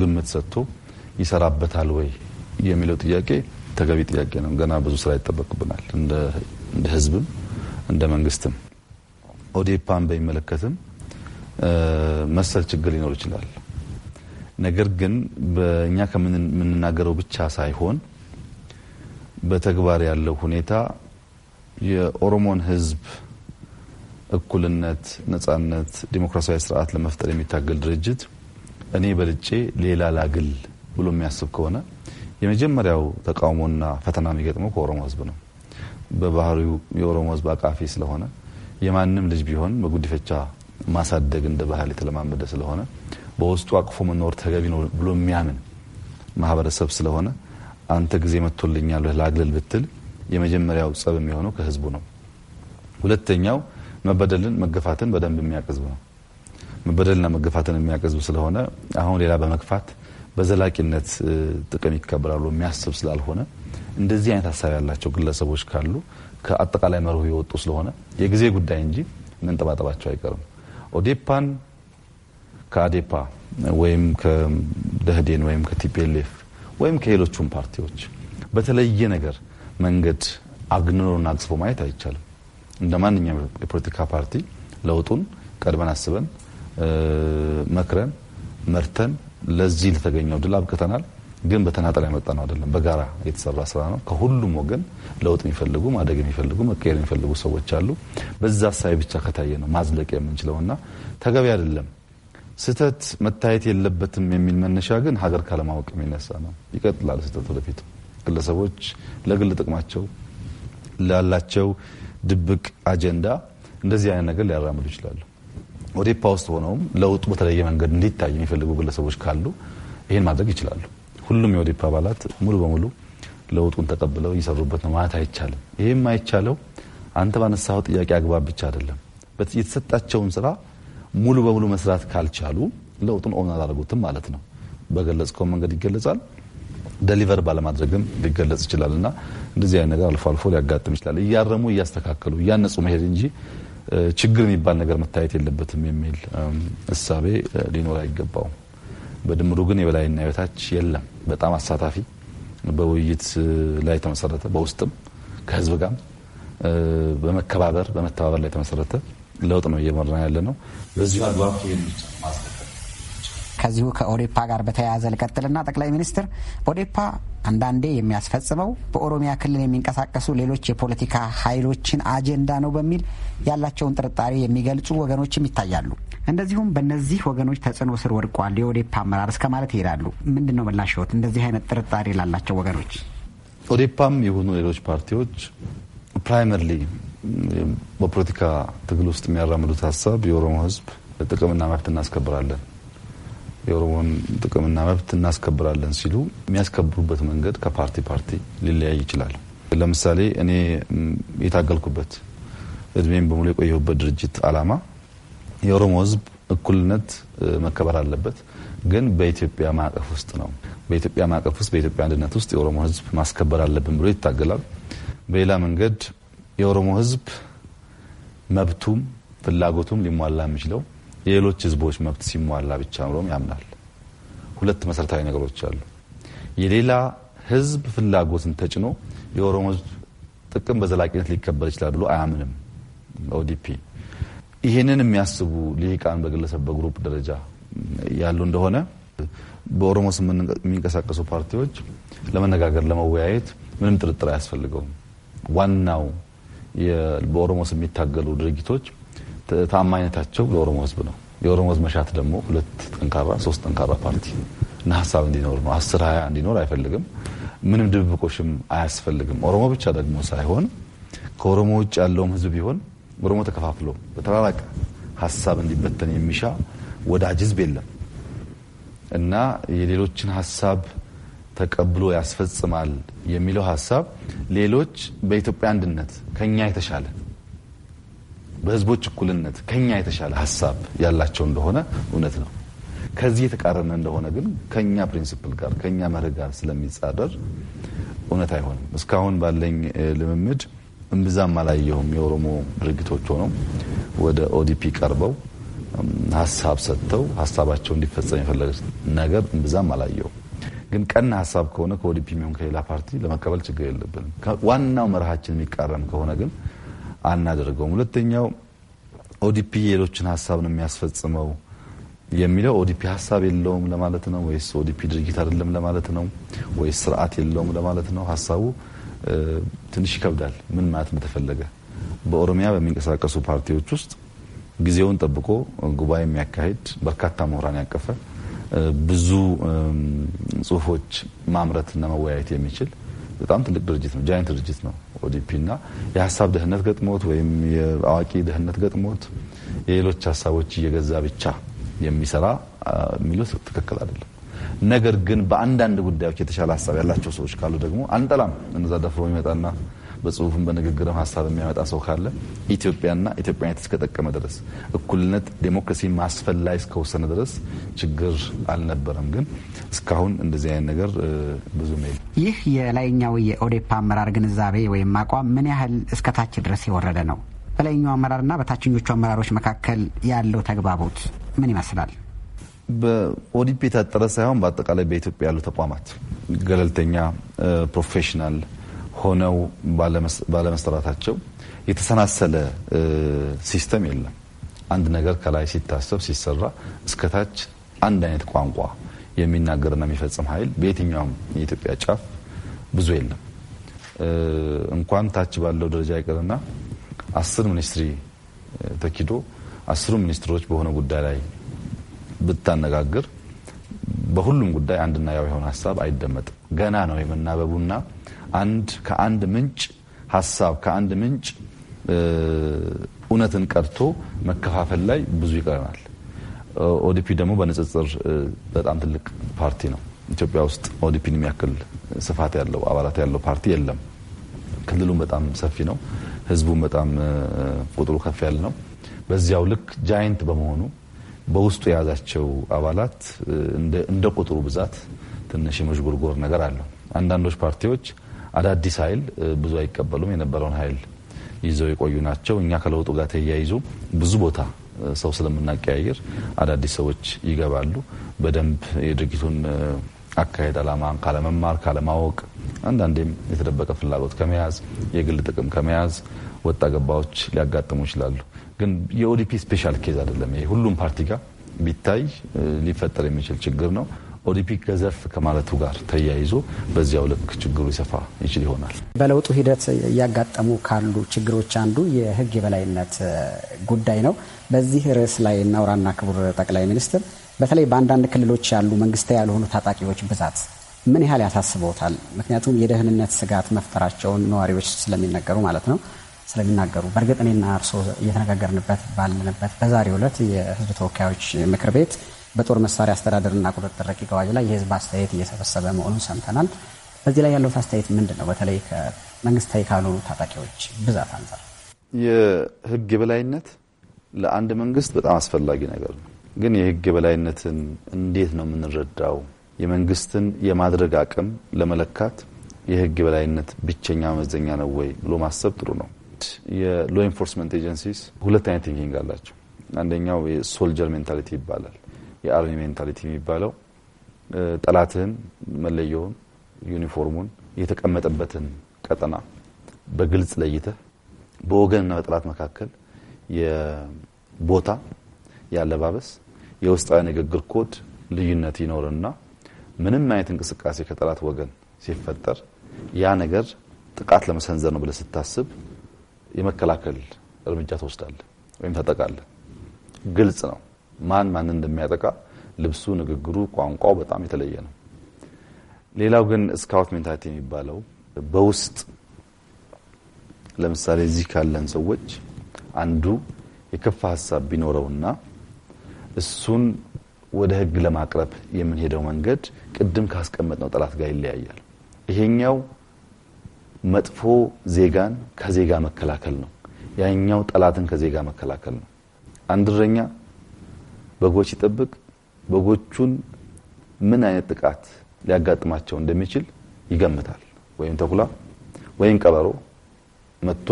ግምት ሰጥቶ ይሰራበታል ወይ የሚለው ጥያቄ ተገቢ ጥያቄ ነው። ገና ብዙ ስራ ይጠበቅብናል እንደ ህዝብም እንደ መንግስትም ኦዴፓን በሚመለከትም መሰል ችግር ሊኖር ይችላል። ነገር ግን በእኛ ከምንናገረው ብቻ ሳይሆን በተግባር ያለው ሁኔታ የኦሮሞን ሕዝብ እኩልነት፣ ነጻነት፣ ዲሞክራሲያዊ ስርዓት ለመፍጠር የሚታገል ድርጅት እኔ በልጬ ሌላ ላግል ብሎ የሚያስብ ከሆነ የመጀመሪያው ተቃውሞና ፈተና የሚገጥመው ከኦሮሞ ሕዝብ ነው። በባህሪው የኦሮሞ ሕዝብ አቃፊ ስለሆነ የማንም ልጅ ቢሆን በጉዲፈቻ ማሳደግ እንደ ባህል የተለማመደ ስለሆነ በውስጡ አቅፎ መኖር ተገቢ ነው ብሎ የሚያምን ማህበረሰብ ስለሆነ አንተ ጊዜ መጥቶልኛል ለአግለል ብትል የመጀመሪያው ጸብ የሚሆነው ከህዝቡ ነው። ሁለተኛው መበደልን መገፋትን በደንብ የሚያቀዝብ ነው። መበደልና መገፋትን የሚያቀዝብ ስለሆነ አሁን ሌላ በመግፋት በዘላቂነት ጥቅም ይከበራሉ የሚያስብ ስላልሆነ እንደዚህ አይነት ሀሳብ ያላቸው ግለሰቦች ካሉ ከአጠቃላይ መርሁ የወጡ ስለሆነ የጊዜ ጉዳይ እንጂ መንጠባጠባቸው አይቀርም። ኦዴፓን ከአዴፓ ወይም ከደህዴን ወይም ከቲፒኤልኤፍ ወይም ከሌሎቹም ፓርቲዎች በተለየ ነገር መንገድ አግንኖና አግጽፎ ማየት አይቻልም። እንደ ማንኛውም የፖለቲካ ፓርቲ ለውጡን ቀድመን አስበን መክረን መርተን ለዚህ ለተገኘው ድል አብቅተናል። ግን በተናጠል ያመጣ ነው አይደለም፣ በጋራ የተሰራ ስራ ነው። ከሁሉም ወገን ለውጥ የሚፈልጉ ማደግ የሚፈልጉ መቀየር የሚፈልጉ ሰዎች አሉ። በዛ ሳይ ብቻ ከታየ ነው ማዝለቅ የምንችለውና ተገቢ አይደለም። ስህተት መታየት የለበትም የሚል መነሻ ግን ሀገር ካለማወቅ የሚነሳ ነው። ይቀጥላል ስህተት ወደፊት ግለሰቦች ለግል ጥቅማቸው ላላቸው ድብቅ አጀንዳ እንደዚህ አይነት ነገር ሊያራምዱ ይችላሉ። ኦዴፓ ውስጥ ሆነውም ለውጡ በተለየ መንገድ እንዲታይ የሚፈልጉ ግለሰቦች ካሉ ይህን ማድረግ ይችላሉ። ሁሉም የኦዴፓ አባላት ሙሉ በሙሉ ለውጡን ተቀብለው እየሰሩበት ነው ማለት አይቻልም። ይህም አይቻለው አንተ ባነሳው ጥያቄ አግባብ ብቻ አይደለም። የተሰጣቸውን ስራ ሙሉ በሙሉ መስራት ካልቻሉ ለውጡን ኦን አላደረጉትም ማለት ነው። በገለጽከው መንገድ ይገለጻል፣ ደሊቨር ባለማድረግም ሊገለጽ ይችላል እና እንደዚህ አይነት ነገር አልፎ አልፎ ሊያጋጥም ይችላል። እያረሙ እያስተካከሉ እያነጹ መሄድ እንጂ ችግር የሚባል ነገር መታየት የለበትም የሚል እሳቤ ሊኖር አይገባውም። በድምሩ ግን የበላይና የበታች የለም። በጣም አሳታፊ በውይይት ላይ የተመሰረተ በውስጥም ከህዝብ ጋር በመከባበር በመተባበር ላይ የተመሰረተ ለውጥ ነው እየመራ ያለ ነው። በዚሁ አግባብ ከዚሁ ከኦዴፓ ጋር በተያያዘ ልቀጥልና ጠቅላይ ሚኒስትር ኦዴፓ አንዳንዴ የሚያስፈጽመው በኦሮሚያ ክልል የሚንቀሳቀሱ ሌሎች የፖለቲካ ኃይሎችን አጀንዳ ነው በሚል ያላቸውን ጥርጣሬ የሚገልጹ ወገኖችም ይታያሉ። እንደዚሁም በእነዚህ ወገኖች ተጽዕኖ ስር ወድቋል የኦዴፓ አመራር እስከ ማለት ይሄዳሉ። ምንድን ነው ምላሽዎት? እንደዚህ አይነት ጥርጣሬ ላላቸው ወገኖች ኦዴፓም የሆኑ ሌሎች ፓርቲዎች ፕራይመሪሊ በፖለቲካ ትግል ውስጥ የሚያራምዱት ሀሳብ የኦሮሞ ህዝብ ጥቅምና መብት እናስከብራለን የኦሮሞን ጥቅምና መብት እናስከብራለን ሲሉ የሚያስከብሩበት መንገድ ከፓርቲ ፓርቲ ሊለያይ ይችላል። ለምሳሌ እኔ የታገልኩበት እድሜም በሙሉ የቆየሁበት ድርጅት አላማ? የኦሮሞ ህዝብ እኩልነት መከበር አለበት፣ ግን በኢትዮጵያ ማዕቀፍ ውስጥ ነው። በኢትዮጵያ ማዕቀፍ ውስጥ በኢትዮጵያ አንድነት ውስጥ የኦሮሞ ህዝብ ማስከበር አለብን ብሎ ይታገላል። በሌላ መንገድ የኦሮሞ ህዝብ መብቱም ፍላጎቱም ሊሟላ የሚችለው የሌሎች ህዝቦች መብት ሲሟላ ብቻ ኖሮም ያምናል። ሁለት መሰረታዊ ነገሮች አሉ። የሌላ ህዝብ ፍላጎትን ተጭኖ የኦሮሞ ህዝብ ጥቅም በዘላቂነት ሊከበር ይችላል ብሎ አያምንም ኦዲፒ ይህንን የሚያስቡ ልሂቃን በግለሰብ በግሩፕ ደረጃ ያሉ እንደሆነ በኦሮሞ ስም የሚንቀሳቀሱ ፓርቲዎች ለመነጋገር ለመወያየት ምንም ጥርጥር አያስፈልገውም። ዋናው በኦሮሞ ስም የሚታገሉ ድርጅቶች ታማኝነታቸው ለኦሮሞ ህዝብ ነው። የኦሮሞ ህዝብ መሻት ደግሞ ሁለት ጠንካራ ሶስት ጠንካራ ፓርቲ እና ሀሳብ እንዲኖር ነው። አስር ሀያ እንዲኖር አይፈልግም። ምንም ድብብቆሽም አያስፈልግም። ኦሮሞ ብቻ ደግሞ ሳይሆን ከኦሮሞ ውጭ ያለውም ህዝብ ቢሆን ኦሮሞ ተከፋፍሎ በተራራቀ ሀሳብ እንዲበተን የሚሻ ወዳጅ ህዝብ የለም እና የሌሎችን ሀሳብ ተቀብሎ ያስፈጽማል የሚለው ሀሳብ ሌሎች በኢትዮጵያ አንድነት ከኛ የተሻለ በህዝቦች እኩልነት ከኛ የተሻለ ሀሳብ ያላቸው እንደሆነ እውነት ነው። ከዚህ የተቃረነ እንደሆነ ግን ከኛ ፕሪንሲፕል ጋር ከኛ መርህ ጋር ስለሚጻረር እውነት አይሆንም። እስካሁን ባለኝ ልምምድ እምብዛም አላየሁም። የኦሮሞ ድርጊቶች ሆነው ወደ ኦዲፒ ቀርበው ሀሳብ ሰጥተው ሀሳባቸው እንዲፈጸም የፈለገ ነገር እምብዛም አላየሁም። ግን ቀና ሀሳብ ከሆነ ከኦዲፒ የሚሆን ከሌላ ፓርቲ ለመቀበል ችግር የለብንም። ዋናው መርሃችን የሚቃረን ከሆነ ግን አናደርገውም። ሁለተኛው ኦዲፒ የሌሎችን ሀሳብ ነው የሚያስፈጽመው የሚለው ኦዲፒ ሀሳብ የለውም ለማለት ነው ወይስ ኦዲፒ ድርጊት አይደለም ለማለት ነው ወይስ ስርዓት የለውም ለማለት ነው? ሀሳቡ ትንሽ ይከብዳል። ምን ማለት እንደተፈለገ በኦሮሚያ በሚንቀሳቀሱ ፓርቲዎች ውስጥ ጊዜውን ጠብቆ ጉባኤ የሚያካሂድ በርካታ ምሁራን ያቀፈ ብዙ ጽሁፎች ማምረትና መወያየት የሚችል በጣም ትልቅ ድርጅት ነው። ጃይንት ድርጅት ነው ኦዲፒ እና የሀሳብ ደህንነት ገጥሞት ወይም የአዋቂ ደህንነት ገጥሞት የሌሎች ሀሳቦች እየገዛ ብቻ የሚሰራ የሚሉት ትክክል አይደለም። ነገር ግን በአንዳንድ ጉዳዮች የተሻለ ሀሳብ ያላቸው ሰዎች ካሉ ደግሞ አንጠላም። እነዛ ደፍሮ ይመጣና በጽሁፍም በንግግርም ሀሳብ የሚያመጣ ሰው ካለ ኢትዮጵያና ኢትዮጵያዊነት እስከጠቀመ ድረስ እኩልነት፣ ዴሞክራሲ ማስፈል እስከወሰነ ድረስ ችግር አልነበረም። ግን እስካሁን እንደዚህ አይነት ነገር ብዙ ሜል ይህ የላይኛው የኦዴፓ አመራር ግንዛቤ ወይም አቋም ምን ያህል እስከታች ድረስ የወረደ ነው? በላይኛው አመራርና በታችኞቹ አመራሮች መካከል ያለው ተግባቦት ምን ይመስላል? በኦዲፒ የታጠረ ሳይሆን በአጠቃላይ በኢትዮጵያ ያሉ ተቋማት ገለልተኛ ፕሮፌሽናል ሆነው ባለመሰራታቸው የተሰናሰለ ሲስተም የለም። አንድ ነገር ከላይ ሲታሰብ ሲሰራ እስከታች አንድ አይነት ቋንቋ የሚናገርና የሚፈጽም ኃይል በየትኛውም የኢትዮጵያ ጫፍ ብዙ የለም። እንኳን ታች ባለው ደረጃ ይቅርና አስር ሚኒስትሪ ተኪዶ አስሩ ሚኒስትሮች በሆነ ጉዳይ ላይ ብታነጋግር በሁሉም ጉዳይ አንድና ያው የሆነ ሀሳብ አይደመጥም። ገና ነው የመናበቡና አንድ ከአንድ ምንጭ ሀሳብ ከአንድ ምንጭ እውነትን ቀርቶ መከፋፈል ላይ ብዙ ይቀረናል። ኦዲፒ ደግሞ በንጽጽር በጣም ትልቅ ፓርቲ ነው። ኢትዮጵያ ውስጥ ኦዲፒን የሚያክል ስፋት ያለው አባላት ያለው ፓርቲ የለም። ክልሉም በጣም ሰፊ ነው። ህዝቡም በጣም ቁጥሩ ከፍ ያለ ነው። በዚያው ልክ ጃይንት በመሆኑ በውስጡ የያዛቸው አባላት እንደ ቁጥሩ ብዛት ትንሽ የመዥጎርጎር ነገር አለው። አንዳንዶች ፓርቲዎች አዳዲስ ኃይል ብዙ አይቀበሉም። የነበረውን ኃይል ይዘው የቆዩ ናቸው። እኛ ከለውጡ ጋር ተያይዞ ብዙ ቦታ ሰው ስለምናቀያየር አዳዲስ ሰዎች ይገባሉ። በደንብ የድርጊቱን አካሄድ አላማ ካለመማር ካለማወቅ፣ አንዳንዴም የተደበቀ ፍላጎት ከመያዝ የግል ጥቅም ከመያዝ ወጣ ገባዎች ሊያጋጥሙ ይችላሉ። ግን የኦዲፒ ስፔሻል ኬዝ አይደለም። ይሄ ሁሉም ፓርቲ ጋር ቢታይ ሊፈጠር የሚችል ችግር ነው። ኦዲፒ ገዘፍ ከማለቱ ጋር ተያይዞ በዚያው ልክ ችግሩ ይሰፋ ይችል ይሆናል። በለውጡ ሂደት እያጋጠሙ ካሉ ችግሮች አንዱ የህግ የበላይነት ጉዳይ ነው። በዚህ ርዕስ ላይ እናውራና ክቡር ጠቅላይ ሚኒስትር፣ በተለይ በአንዳንድ ክልሎች ያሉ መንግስታዊ ያልሆኑ ታጣቂዎች ብዛት ምን ያህል ያሳስበውታል? ምክንያቱም የደህንነት ስጋት መፍጠራቸውን ነዋሪዎች ስለሚነገሩ ማለት ነው። ስለሚናገሩ በእርግጥ እኔና እርስዎ እየተነጋገርንበት ባለንበት በዛሬው ዕለት የህዝብ ተወካዮች ምክር ቤት በጦር መሳሪያ አስተዳደርና ቁጥጥር ረቂቅ አዋጅ ላይ የህዝብ አስተያየት እየሰበሰበ መሆኑን ሰምተናል። በዚህ ላይ ያለዎት አስተያየት ምንድን ነው? በተለይ ከመንግስታዊ ካልሆኑ ታጣቂዎች ብዛት አንጻር የህግ የበላይነት ለአንድ መንግስት በጣም አስፈላጊ ነገር ነው። ግን የህግ የበላይነትን እንዴት ነው የምንረዳው? የመንግስትን የማድረግ አቅም ለመለካት የህግ የበላይነት ብቸኛ መመዘኛ ነው ወይ ብሎ ማሰብ ጥሩ ነው። አንድ የሎ ኢንፎርስመንት ኤጀንሲስ ሁለት አይነት ቲንኪንግ አላቸው። አንደኛው የሶልጀር ሜንታሊቲ ይባላል። የአርሚ ሜንታሊቲ የሚባለው ጠላትህን፣ መለየውን፣ ዩኒፎርሙን፣ የተቀመጠበትን ቀጠና በግልጽ ለይተህ በወገንና በጠላት መካከል የቦታ፣ የአለባበስ፣ የውስጣዊ ንግግር ኮድ ልዩነት ይኖርና ምንም አይነት እንቅስቃሴ ከጠላት ወገን ሲፈጠር ያ ነገር ጥቃት ለመሰንዘር ነው ብለህ ስታስብ የመከላከል እርምጃ ትወስዳለህ ወይም ታጠቃለህ። ግልጽ ነው ማን ማንን እንደሚያጠቃ። ልብሱ፣ ንግግሩ፣ ቋንቋው በጣም የተለየ ነው። ሌላው ግን ስካውት ሜንታሊቲ የሚባለው በውስጥ ለምሳሌ እዚህ ካለን ሰዎች አንዱ የከፋ ሀሳብ ቢኖረውና እሱን ወደ ህግ ለማቅረብ የምንሄደው መንገድ ቅድም ነው ጠላት ጋር ይለያያል። ይሄኛው መጥፎ ዜጋን ከዜጋ መከላከል ነው። ያኛው ጠላትን ከዜጋ መከላከል ነው። አንድ እረኛ በጎች ሲጠብቅ በጎቹን ምን አይነት ጥቃት ሊያጋጥማቸው እንደሚችል ይገምታል። ወይም ተኩላ ወይም ቀበሮ መጥቶ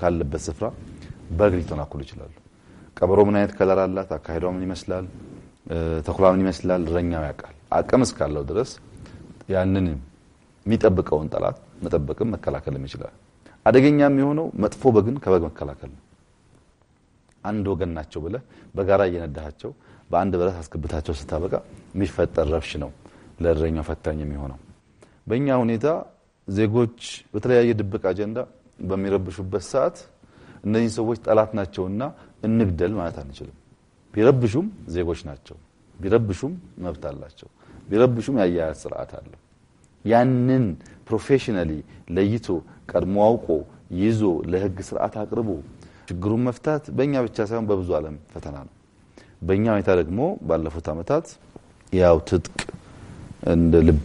ካለበት ስፍራ በግ ሊተናኩሉ ይችላሉ። ቀበሮ ምን አይነት ከለር አላት፣ አካሄዷ ምን ይመስላል፣ ተኩላ ምን ይመስላል፣ እረኛው ያውቃል። አቅም እስካለው ድረስ ያንን የሚጠብቀውን ጠላት መጠበቅም መከላከልም ይችላል። አደገኛ የሚሆነው መጥፎ በግን ከበግ መከላከል ነው። አንድ ወገን ናቸው ብለ በጋራ እየነዳሃቸው በአንድ በረት አስገብታቸው ስታበቃ የሚፈጠር ረብሽ ነው ለእረኛው ፈታኝ የሚሆነው። በእኛ ሁኔታ ዜጎች በተለያየ ድብቅ አጀንዳ በሚረብሹበት ሰዓት እነዚህ ሰዎች ጠላት ናቸውና እንግደል ማለት አንችልም። ቢረብሹም ዜጎች ናቸው። ቢረብሹም መብት አላቸው። ቢረብሹም ያያያዝ ስርዓት አለው። ያንን ፕሮፌሽናሊ ለይቶ ቀድሞ አውቆ ይዞ ለህግ ስርዓት አቅርቦ ችግሩን መፍታት በእኛ ብቻ ሳይሆን በብዙ ዓለም ፈተና ነው። በእኛ ሁኔታ ደግሞ ባለፉት ዓመታት ያው ትጥቅ እንደ ልብ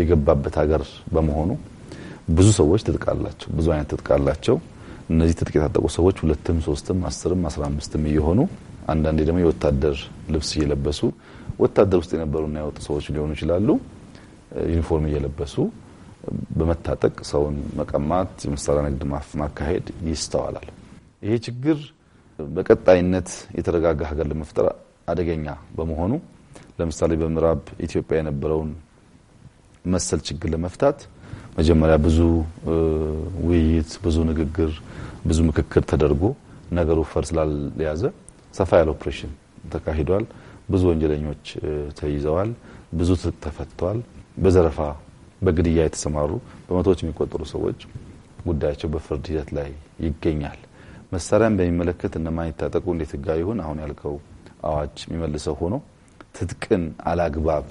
የገባበት ሀገር በመሆኑ ብዙ ሰዎች ትጥቅ አላቸው፣ ብዙ አይነት ትጥቅ አላቸው። እነዚህ ትጥቅ የታጠቁ ሰዎች ሁለትም ሶስትም አስርም አስራ አምስትም እየሆኑ አንዳንዴ ደግሞ የወታደር ልብስ እየለበሱ ወታደር ውስጥ የነበሩና የወጡ ሰዎች ሊሆኑ ይችላሉ። ዩኒፎርም እየለበሱ በመታጠቅ ሰውን መቀማት፣ የመሳሪያ ንግድ ማካሄድ ይስተዋላል። ይሄ ችግር በቀጣይነት የተረጋጋ ሀገር ለመፍጠር አደገኛ በመሆኑ ለምሳሌ በምዕራብ ኢትዮጵያ የነበረውን መሰል ችግር ለመፍታት መጀመሪያ ብዙ ውይይት፣ ብዙ ንግግር፣ ብዙ ምክክር ተደርጎ ነገሩ ፈር ስላልያዘ ሰፋ ያለ ኦፕሬሽን ተካሂዷል። ብዙ ወንጀለኞች ተይዘዋል። ብዙ ተፈቷል። በዘረፋ በግድያ የተሰማሩ በመቶዎች የሚቆጠሩ ሰዎች ጉዳያቸው በፍርድ ሂደት ላይ ይገኛል። መሳሪያን በሚመለከት እነማን ይታጠቁ እንዴት ህጋዊ ይሁን አሁን ያልከው አዋጅ የሚመልሰው ሆኖ ትጥቅን አላግባብ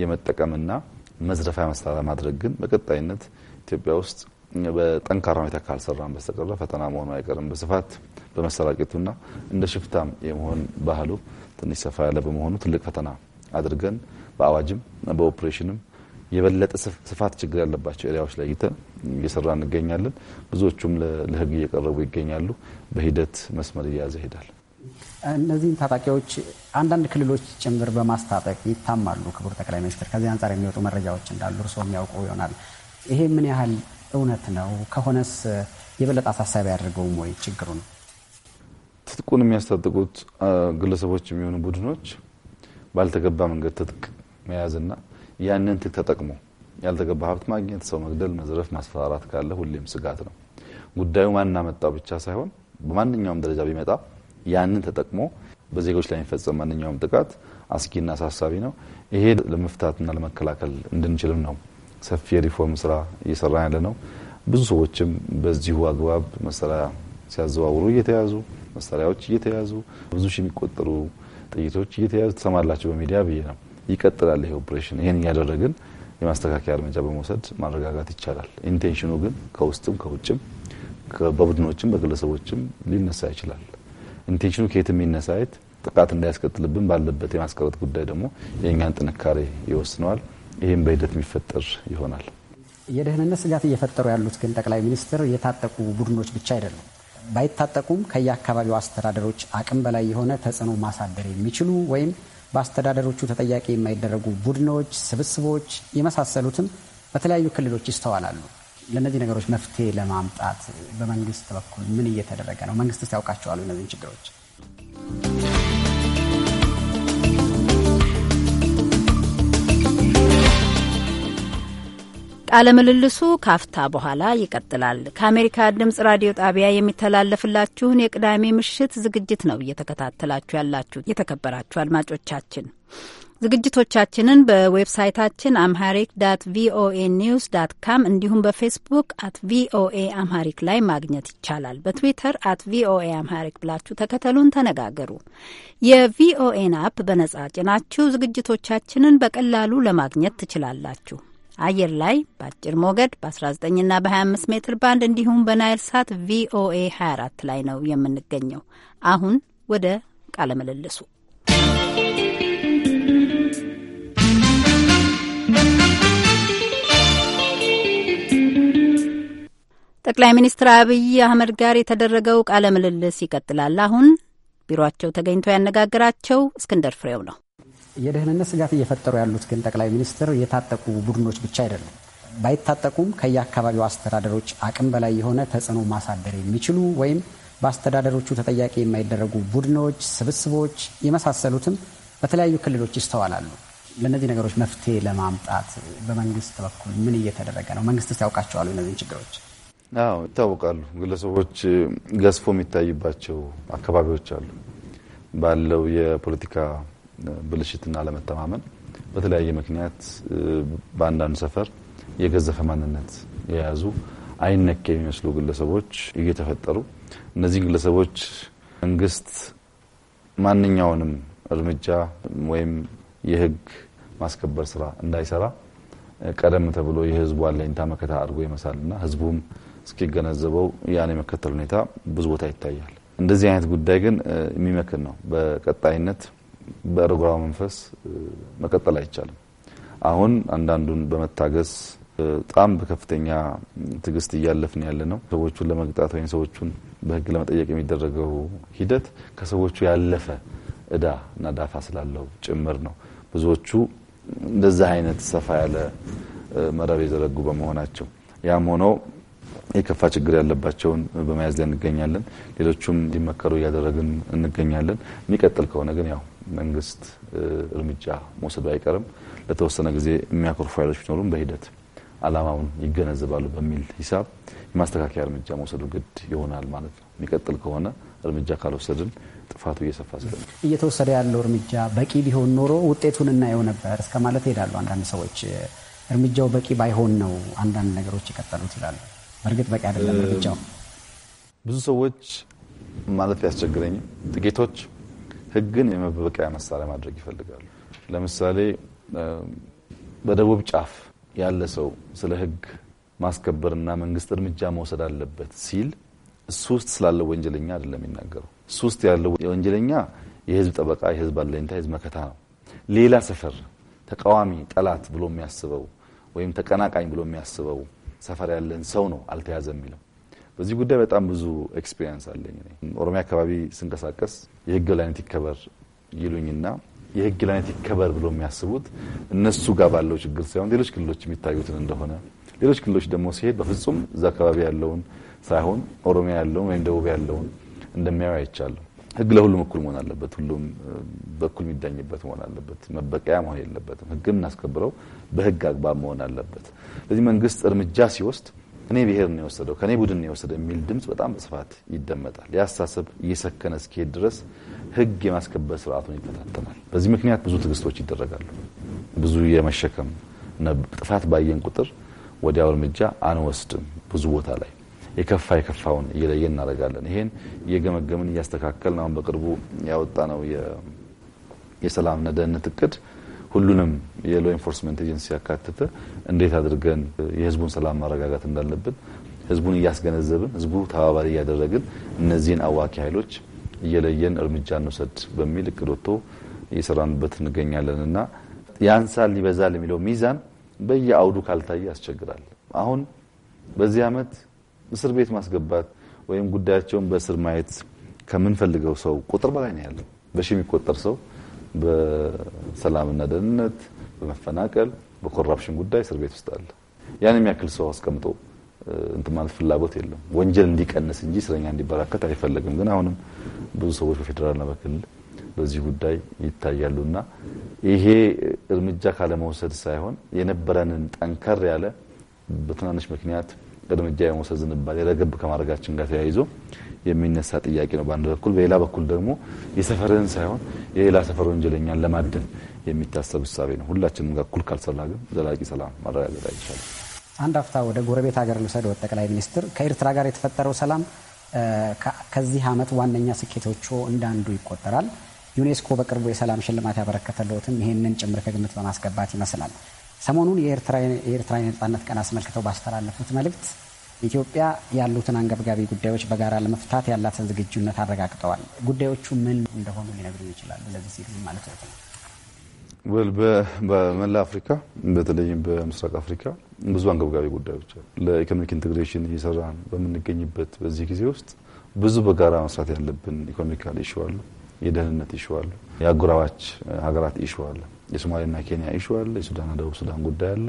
የመጠቀምና መዝረፋ መሳሪያ ማድረግ ግን በቀጣይነት ኢትዮጵያ ውስጥ በጠንካራ ሁኔታ ካልሰራን በስተቀረ ፈተና መሆኑ አይቀርም። በስፋት በመሰራቂቱና እንደ ሽፍታም የመሆን ባህሉ ትንሽ ሰፋ ያለ በመሆኑ ትልቅ ፈተና አድርገን በአዋጅም በኦፕሬሽንም የበለጠ ስፋት ችግር ያለባቸው ኤሪያዎች ለይተን እየሰራ እንገኛለን። ብዙዎቹም ለህግ እየቀረቡ ይገኛሉ። በሂደት መስመር እየያዘ ይሄዳል። እነዚህን ታጣቂዎች አንዳንድ ክልሎች ጭምር በማስታጠቅ ይታማሉ። ክቡር ጠቅላይ ሚኒስትር፣ ከዚህ አንጻር የሚወጡ መረጃዎች እንዳሉ እርስዎ የሚያውቁ ይሆናል። ይሄ ምን ያህል እውነት ነው? ከሆነስ የበለጠ አሳሳቢ ያደርገውም ወይ ችግሩን? ትጥቁን የሚያስታጥቁት ግለሰቦች የሚሆኑ ቡድኖች ባልተገባ መንገድ ትጥቅ መያዝና ያንን ትክ ተጠቅሞ ያልተገባ ሀብት ማግኘት፣ ሰው መግደል፣ መዝረፍ፣ ማስፈራራት ካለ ሁሌም ስጋት ነው። ጉዳዩ መጣው ብቻ ሳይሆን በማንኛውም ደረጃ ቢመጣ ያንን ተጠቅሞ በዜጎች ላይ የሚፈጸም ማንኛውም ጥቃት አስጊና አሳሳቢ ነው። ይሄ ለመፍታትና ለመከላከል እንድንችልም ነው ሰፊ የሪፎርም ስራ እየሰራ ያለ ነው። ብዙ ሰዎችም በዚሁ አግባብ መሳሪያ ሲያዘዋውሩ እየተያዙ መሳሪያዎች እየተያዙ ብዙ ሺህ የሚቆጠሩ ጥይቶች እየተያዙ ትሰማላቸው በሚዲያ ብዬ ነው። ይቀጥላል። ይሄ ኦፕሬሽን ይሄን እያደረግን የማስተካከያ እርምጃ በመውሰድ ማረጋጋት ይቻላል። ኢንቴንሽኑ ግን ከውስጥም ከውጭም በቡድኖችም በግለሰቦችም ሊነሳ ይችላል። ኢንቴንሽኑ ከየትም የሚነሳ የት ጥቃት እንዳያስቀጥልብን ባለበት የማስቀረት ጉዳይ ደግሞ የእኛን ጥንካሬ ይወስነዋል። ይህም በሂደት የሚፈጠር ይሆናል። የደህንነት ስጋት እየፈጠሩ ያሉት ግን ጠቅላይ ሚኒስትር የታጠቁ ቡድኖች ብቻ አይደሉም። ባይታጠቁም ከየአካባቢው አስተዳደሮች አቅም በላይ የሆነ ተጽዕኖ ማሳደር የሚችሉ ወይም በአስተዳደሮቹ ተጠያቂ የማይደረጉ ቡድኖች፣ ስብስቦች የመሳሰሉትም በተለያዩ ክልሎች ይስተዋላሉ። ለእነዚህ ነገሮች መፍትሄ ለማምጣት በመንግስት በኩል ምን እየተደረገ ነው? መንግስትስ ያውቃቸዋሉ እነዚህን ችግሮች? ቃለ ምልልሱ ካፍታ በኋላ ይቀጥላል። ከአሜሪካ ድምጽ ራዲዮ ጣቢያ የሚተላለፍላችሁን የቅዳሜ ምሽት ዝግጅት ነው እየተከታተላችሁ ያላችሁ የተከበራችሁ አድማጮቻችን። ዝግጅቶቻችንን በዌብሳይታችን አምሃሪክ ዳት ቪኦኤ ኒውስ ዳት ካም እንዲሁም በፌስቡክ አት ቪኦኤ አምሃሪክ ላይ ማግኘት ይቻላል። በትዊተር አት ቪኦኤ አምሃሪክ ብላችሁ ተከተሉን፣ ተነጋገሩ። የቪኦኤን አፕ በነጻ ጭናችሁ ዝግጅቶቻችንን በቀላሉ ለማግኘት ትችላላችሁ። አየር ላይ በአጭር ሞገድ በ19ና በ25 ሜትር ባንድ እንዲሁም በናይል ሳት ቪኦኤ 24 ላይ ነው የምንገኘው። አሁን ወደ ቃለ ምልልሱ ጠቅላይ ሚኒስትር አብይ አህመድ ጋር የተደረገው ቃለ ምልልስ ይቀጥላል። አሁን ቢሮአቸው ተገኝቶ ያነጋገራቸው እስክንደር ፍሬው ነው። የደህንነት ስጋት እየፈጠሩ ያሉት ግን ጠቅላይ ሚኒስትር የታጠቁ ቡድኖች ብቻ አይደሉም። ባይታጠቁም ከየአካባቢው አስተዳደሮች አቅም በላይ የሆነ ተጽዕኖ ማሳደር የሚችሉ ወይም በአስተዳደሮቹ ተጠያቂ የማይደረጉ ቡድኖች፣ ስብስቦች የመሳሰሉትም በተለያዩ ክልሎች ይስተዋላሉ። ለእነዚህ ነገሮች መፍትሄ ለማምጣት በመንግስት በኩል ምን እየተደረገ ነው? መንግስትስ ያውቃቸዋሉ እነዚህን ችግሮች? አዎ ይታወቃሉ። ግለሰቦች ገዝፎ የሚታይባቸው አካባቢዎች አሉ። ባለው የፖለቲካ ብልሽትና ለመተማመን በተለያየ ምክንያት በአንዳንድ ሰፈር የገዘፈ ማንነት የያዙ አይነክ የሚመስሉ ግለሰቦች እየተፈጠሩ እነዚህ ግለሰቦች መንግስት ማንኛውንም እርምጃ ወይም የህግ ማስከበር ስራ እንዳይሰራ ቀደም ተብሎ የህዝቡ አለኝታ መከታ አድርጎ ይመሳልና ህዝቡም እስኪገነዘበው ያን የመከተል ሁኔታ ብዙ ቦታ ይታያል። እንደዚህ አይነት ጉዳይ ግን የሚመክን ነው። በቀጣይነት በርጓ መንፈስ መቀጠል አይቻልም። አሁን አንዳንዱን በመታገስ በጣም በከፍተኛ ትግስት እያለፍን ያለ ነው። ሰዎቹን ለመቅጣት ወይም ሰዎቹን በህግ ለመጠየቅ የሚደረገው ሂደት ከሰዎቹ ያለፈ እዳ እና ዳፋ ስላለው ጭምር ነው። ብዙዎቹ እንደዛ አይነት ሰፋ ያለ መረብ የዘረጉ በመሆናቸው ያም ሆኖ የከፋ ችግር ያለባቸውን በመያዝ ላይ እንገኛለን። ሌሎቹም እንዲመከሩ እያደረግን እንገኛለን። የሚቀጥል ከሆነ ግን ያው መንግስት እርምጃ መውሰዱ አይቀርም። ለተወሰነ ጊዜ የሚያኮርፉ ኃይሎች ቢኖሩም በሂደት አላማውን ይገነዘባሉ በሚል ሂሳብ የማስተካከያ እርምጃ መውሰዱ ግድ ይሆናል ማለት ነው። የሚቀጥል ከሆነ እርምጃ ካልወሰድን ጥፋቱ እየሰፋ ስለ እየተወሰደ ያለው እርምጃ በቂ ቢሆን ኖሮ ውጤቱን እናየው ነበር እስከ ማለት ይሄዳሉ አንዳንድ ሰዎች። እርምጃው በቂ ባይሆን ነው አንዳንድ ነገሮች የቀጠሉት ይላሉ። በእርግጥ በቂ አይደለም እርምጃው። ብዙ ሰዎች ማለት ቢያስቸግረኝም ጥቂቶች ህግን የመበቀያ መሳሪያ ማድረግ ይፈልጋሉ። ለምሳሌ በደቡብ ጫፍ ያለ ሰው ስለ ህግ ማስከበርና መንግስት እርምጃ መውሰድ አለበት ሲል እሱ ውስጥ ስላለው ወንጀለኛ አይደለም የሚናገረው። እሱ ውስጥ ያለው ወንጀለኛ የህዝብ ጠበቃ፣ የህዝብ አለኝታ፣ የህዝብ መከታ ነው። ሌላ ሰፈር ተቃዋሚ፣ ጠላት ብሎ የሚያስበው ወይም ተቀናቃኝ ብሎ የሚያስበው ሰፈር ያለን ሰው ነው አልተያዘ የሚለው በዚህ ጉዳይ በጣም ብዙ ኤክስፔሪንስ አለኝ። ኦሮሚያ አካባቢ ስንቀሳቀስ የህግ የበላይነት ይከበር ይሉኝና የህግ የበላይነት ይከበር ብሎ የሚያስቡት እነሱ ጋር ባለው ችግር ሳይሆን ሌሎች ክልሎች የሚታዩትን እንደሆነ ሌሎች ክልሎች ደግሞ ሲሄድ በፍጹም እዛ አካባቢ ያለውን ሳይሆን ኦሮሚያ ያለውን ወይም ደቡብ ያለውን እንደሚያዩ አይቻለሁ። ህግ ለሁሉም እኩል መሆን አለበት። ሁሉም በኩል የሚዳኝበት መሆን አለበት። መበቀያ መሆን የለበትም። ህግን እናስከብረው በህግ አግባብ መሆን አለበት። ስለዚህ መንግስት እርምጃ ሲወስድ እኔ ብሔር ነው የወሰደው ከኔ ቡድን ነው የወሰደው የሚል ድምፅ በጣም በስፋት ይደመጣል። የአስተሳሰብ እየሰከነ እስኪሄድ ድረስ ህግ የማስከበር ስርዓቱን ይፈታተናል። በዚህ ምክንያት ብዙ ትግስቶች ይደረጋሉ። ብዙ የመሸከም ጥፋት ባየን ቁጥር ወዲያው እርምጃ አንወስድም። ብዙ ቦታ ላይ የከፋ የከፋውን እየለየን እናደርጋለን። ይሄን እየገመገምን እያስተካከልን አሁን በቅርቡ ያወጣ ነው የሰላምና ደህንነት እቅድ ሁሉንም የሎ ኢንፎርስመንት ኤጀንሲ ያካተተ እንዴት አድርገን የህዝቡን ሰላም ማረጋጋት እንዳለብን ህዝቡን እያስገነዘብን ህዝቡ ተባባሪ እያደረግን እነዚህን አዋኪ ኃይሎች እየለየን እርምጃ እንውሰድ በሚል እቅድ ወጥቶ እየሰራንበት እንገኛለን እና ያንሳል ይበዛል የሚለው ሚዛን በየአውዱ ካልታየ ያስቸግራል። አሁን በዚህ ዓመት እስር ቤት ማስገባት ወይም ጉዳያቸውን በእስር ማየት ከምንፈልገው ሰው ቁጥር በላይ ነው ያለው። በሺ የሚቆጠር ሰው በሰላምና ደህንነት፣ በመፈናቀል፣ በኮራፕሽን ጉዳይ እስር ቤት ውስጥ አለ። ያን የሚያክል ሰው አስቀምጦ እንትን ማለት ፍላጎት የለም። ወንጀል እንዲቀንስ እንጂ እስረኛ እንዲበራከት አይፈለግም። ግን አሁንም ብዙ ሰዎች በፌዴራልና በክልል በዚህ ጉዳይ ይታያሉና ይሄ እርምጃ ካለመውሰድ ሳይሆን የነበረንን ጠንከር ያለ በትናንሽ ምክንያት እርምጃ የመውሰድ ዝንባሌ ረገብ ከማድረጋችን ጋር ተያይዞ የሚነሳ ጥያቄ ነው በአንድ በኩል። በሌላ በኩል ደግሞ የሰፈርህን ሳይሆን የሌላ ሰፈር ወንጀለኛን ለማደን የሚታሰብ እሳቤ ነው። ሁላችንም ጋር እኩል ካልሰራ ግን ዘላቂ ሰላም ማረጋገጥ አይቻልም። አንድ አፍታ ወደ ጎረቤት ሀገር ልውሰድዎ። ጠቅላይ ሚኒስትር ከኤርትራ ጋር የተፈጠረው ሰላም ከዚህ ዓመት ዋነኛ ስኬቶቹ እንዳንዱ ይቆጠራል። ዩኔስኮ በቅርቡ የሰላም ሽልማት ያበረከተለትም ይህንን ጭምር ከግምት በማስገባት ይመስላል። ሰሞኑን የኤርትራ የነጻነት ቀን አስመልክተው ባስተላለፉት መልእክት ኢትዮጵያ ያሉትን አንገብጋቢ ጉዳዮች በጋራ ለመፍታት ያላትን ዝግጁነት አረጋግጠዋል። ጉዳዮቹ ምን እንደሆኑ ሊነግሩ ይችላሉ? ለዚህ ሲግዝ ማለት ነው። በመላ አፍሪካ በተለይም በምስራቅ አፍሪካ ብዙ አንገብጋቢ ጉዳዮች አሉ። ለኢኮኖሚክ ኢንቴግሬሽን እየሰራን በምንገኝበት በዚህ ጊዜ ውስጥ ብዙ በጋራ መስራት ያለብን ኢኮኖሚካል ኢሹ አሉ፣ የደህንነት ኢሹ አሉ፣ የአጎራባች ሀገራት ኢሹ አለ። የሶማሌና ኬንያ ኢሹ አለ። የሱዳንና ደቡብ ሱዳን ጉዳይ አለ።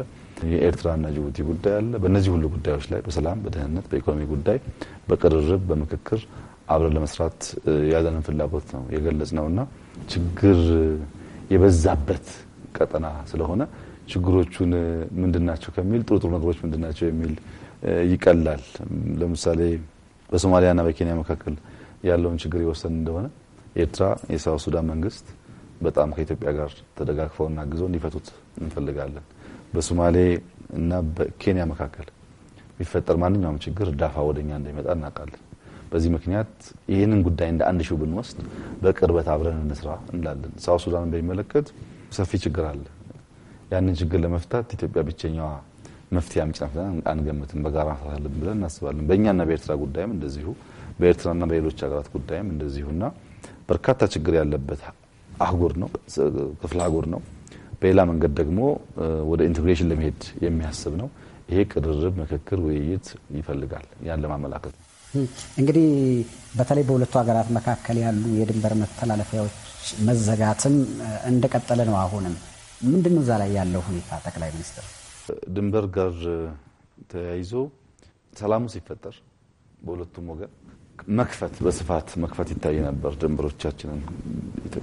የኤርትራና ጅቡቲ ጉዳይ አለ። በእነዚህ ሁሉ ጉዳዮች ላይ በሰላም፣ በደህንነት፣ በኢኮኖሚ ጉዳይ በቅርርብ፣ በምክክር አብረን ለመስራት ያለንን ፍላጎት ነው የገለጽ ነውና ችግር የበዛበት ቀጠና ስለሆነ ችግሮቹን ናቸው ከሚል ጥሩ ጥሩ ነገሮች ምንድናቸው የሚል ይቀላል። ለምሳሌ በሶማሊያና በኬንያ መካከል ያለውን ችግር የወሰን እንደሆነ ኤርትራ የሳውት ሱዳን መንግስት በጣም ከኢትዮጵያ ጋር ተደጋግፈውና ግዞ እንዲፈቱት እንፈልጋለን። በሶማሌ እና በኬንያ መካከል የሚፈጠር ማንኛውም ችግር ዳፋ ወደኛ እንደሚመጣ እናውቃለን። በዚህ ምክንያት ይህንን ጉዳይ እንደ አንድ ሺው ብንወስድ በቅርበት አብረን እንስራ እንላለን። ሳውት ሱዳን በሚመለከት ሰፊ ችግር አለ። ያንን ችግር ለመፍታት ኢትዮጵያ ብቸኛዋ መፍትሄ አምጪ ናት ብለን አንገምትም። በጋራ መፍታት አለብን ብለን እናስባለን። በእኛና በኤርትራ ጉዳይም እንደዚሁ፣ በኤርትራና በሌሎች ሀገራት ጉዳይም እንደዚሁና በርካታ ችግር ያለበት አህጉር ነው፣ ክፍለ አህጉር ነው። በሌላ መንገድ ደግሞ ወደ ኢንቴግሬሽን ለመሄድ የሚያስብ ነው። ይሄ ቅርርብ፣ ምክክር፣ ውይይት ይፈልጋል። ያን ለማመላከት ነው። እንግዲህ በተለይ በሁለቱ ሀገራት መካከል ያሉ የድንበር መተላለፊያዎች መዘጋትም እንደቀጠለ ነው። አሁንም ምንድን ነው እዛ ላይ ያለው ሁኔታ? ጠቅላይ ሚኒስትር ድንበር ጋር ተያይዞ ሰላሙ ሲፈጠር በሁለቱም ወገን መክፈት በስፋት መክፈት ይታይ ነበር። ድንበሮቻችንን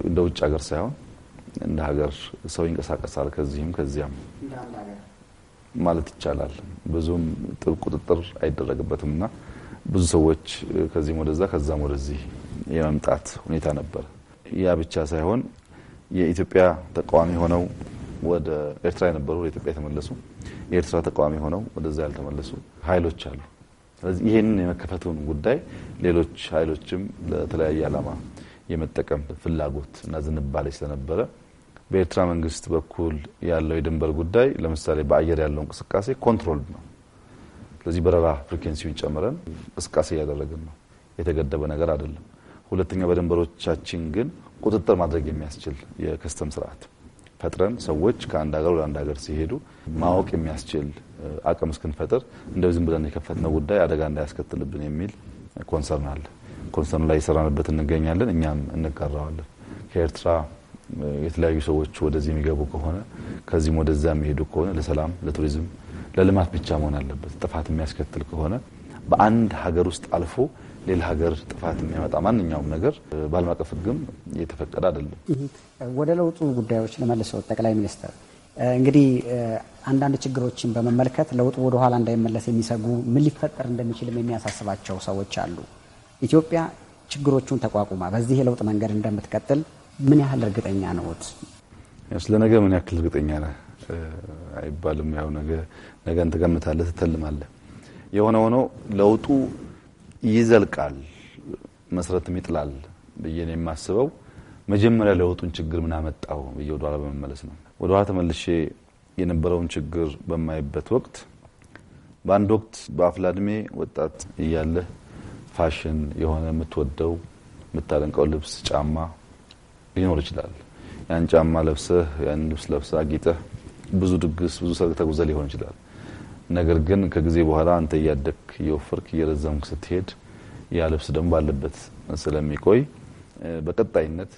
እንደ ውጭ ሀገር ሳይሆን እንደ ሀገር ሰው ይንቀሳቀሳል ከዚህም ከዚያም ማለት ይቻላል። ብዙም ጥብቅ ቁጥጥር አይደረግበትም እና ብዙ ሰዎች ከዚህም ወደዛ ከዛም ወደዚህ የመምጣት ሁኔታ ነበር። ያ ብቻ ሳይሆን የኢትዮጵያ ተቃዋሚ ሆነው ወደ ኤርትራ የነበሩ ወደ ኢትዮጵያ የተመለሱ፣ የኤርትራ ተቃዋሚ ሆነው ወደዛ ያልተመለሱ ኃይሎች አሉ። ስለዚህ ይህንን የመከፈቱን ጉዳይ ሌሎች ኃይሎችም ለተለያየ ዓላማ የመጠቀም ፍላጎት እና ዝንባሌ ስለነበረ በኤርትራ መንግስት በኩል ያለው የድንበር ጉዳይ ለምሳሌ በአየር ያለው እንቅስቃሴ ኮንትሮልድ ነው። ስለዚህ በረራ ፍሪኬንሲውን ጨምረን እንቅስቃሴ እያደረግን ነው። የተገደበ ነገር አይደለም። ሁለተኛ በድንበሮቻችን ግን ቁጥጥር ማድረግ የሚያስችል የከስተም ስርዓት ፈጥረን ሰዎች ከአንድ ሀገር ወደ አንድ ሀገር ሲሄዱ ማወቅ የሚያስችል አቅም እስክንፈጥር እንደው ዝም ብለን የከፈትነው ጉዳይ አደጋ እንዳያስከትልብን የሚል ኮንሰርን አለ። ኮንሰርን ላይ የሰራንበት እንገኛለን። እኛም እንጋራዋለን። ከኤርትራ የተለያዩ ሰዎች ወደዚህ የሚገቡ ከሆነ ከዚህም ወደዛ የሚሄዱ ከሆነ ለሰላም፣ ለቱሪዝም፣ ለልማት ብቻ መሆን አለበት። ጥፋት የሚያስከትል ከሆነ በአንድ ሀገር ውስጥ አልፎ ሌላ ሀገር ጥፋት የሚያመጣ ማንኛውም ነገር በዓለም አቀፍ ሕግም የተፈቀደ አይደለም። ወደ ለውጡ ጉዳዮች ለመልሰው ጠቅላይ ሚኒስትር እንግዲህ አንዳንድ ችግሮችን በመመልከት ለውጡ ወደ ኋላ እንዳይመለስ የሚሰጉ ምን ሊፈጠር እንደሚችልም የሚያሳስባቸው ሰዎች አሉ። ኢትዮጵያ ችግሮቹን ተቋቁማ በዚህ የለውጥ መንገድ እንደምትቀጥል ምን ያህል እርግጠኛ ነዎት? ስለ ነገ ምን ያክል እርግጠኛ ነ አይባልም። ያው ነገ ነገን ትገምታለህ፣ ትተልማለህ። የሆነ ሆኖ ለውጡ ይዘልቃል፣ መሰረትም ይጥላል ብዬ ነው የማስበው። መጀመሪያ ለውጡን ችግር ምን አመጣው ብዬ ወደኋላ በመመለስ ነው ወደ ኋላ ተመልሼ የነበረውን ችግር በማይበት ወቅት በአንድ ወቅት በአፍላ እድሜ ወጣት እያለህ ፋሽን የሆነ የምትወደው የምታደንቀው ልብስ፣ ጫማ ሊኖር ይችላል። ያን ጫማ ለብሰህ ያን ልብስ ለብሰህ አጊጠህ ብዙ ድግስ፣ ብዙ ሰርግ ተጉዘህ ሊሆን ይችላል። ነገር ግን ከጊዜ በኋላ አንተ እያደግክ እየወፈርክ እየረዘምክ ስትሄድ ያ ልብስ ደግሞ ባለበት ስለሚቆይ በቀጣይነት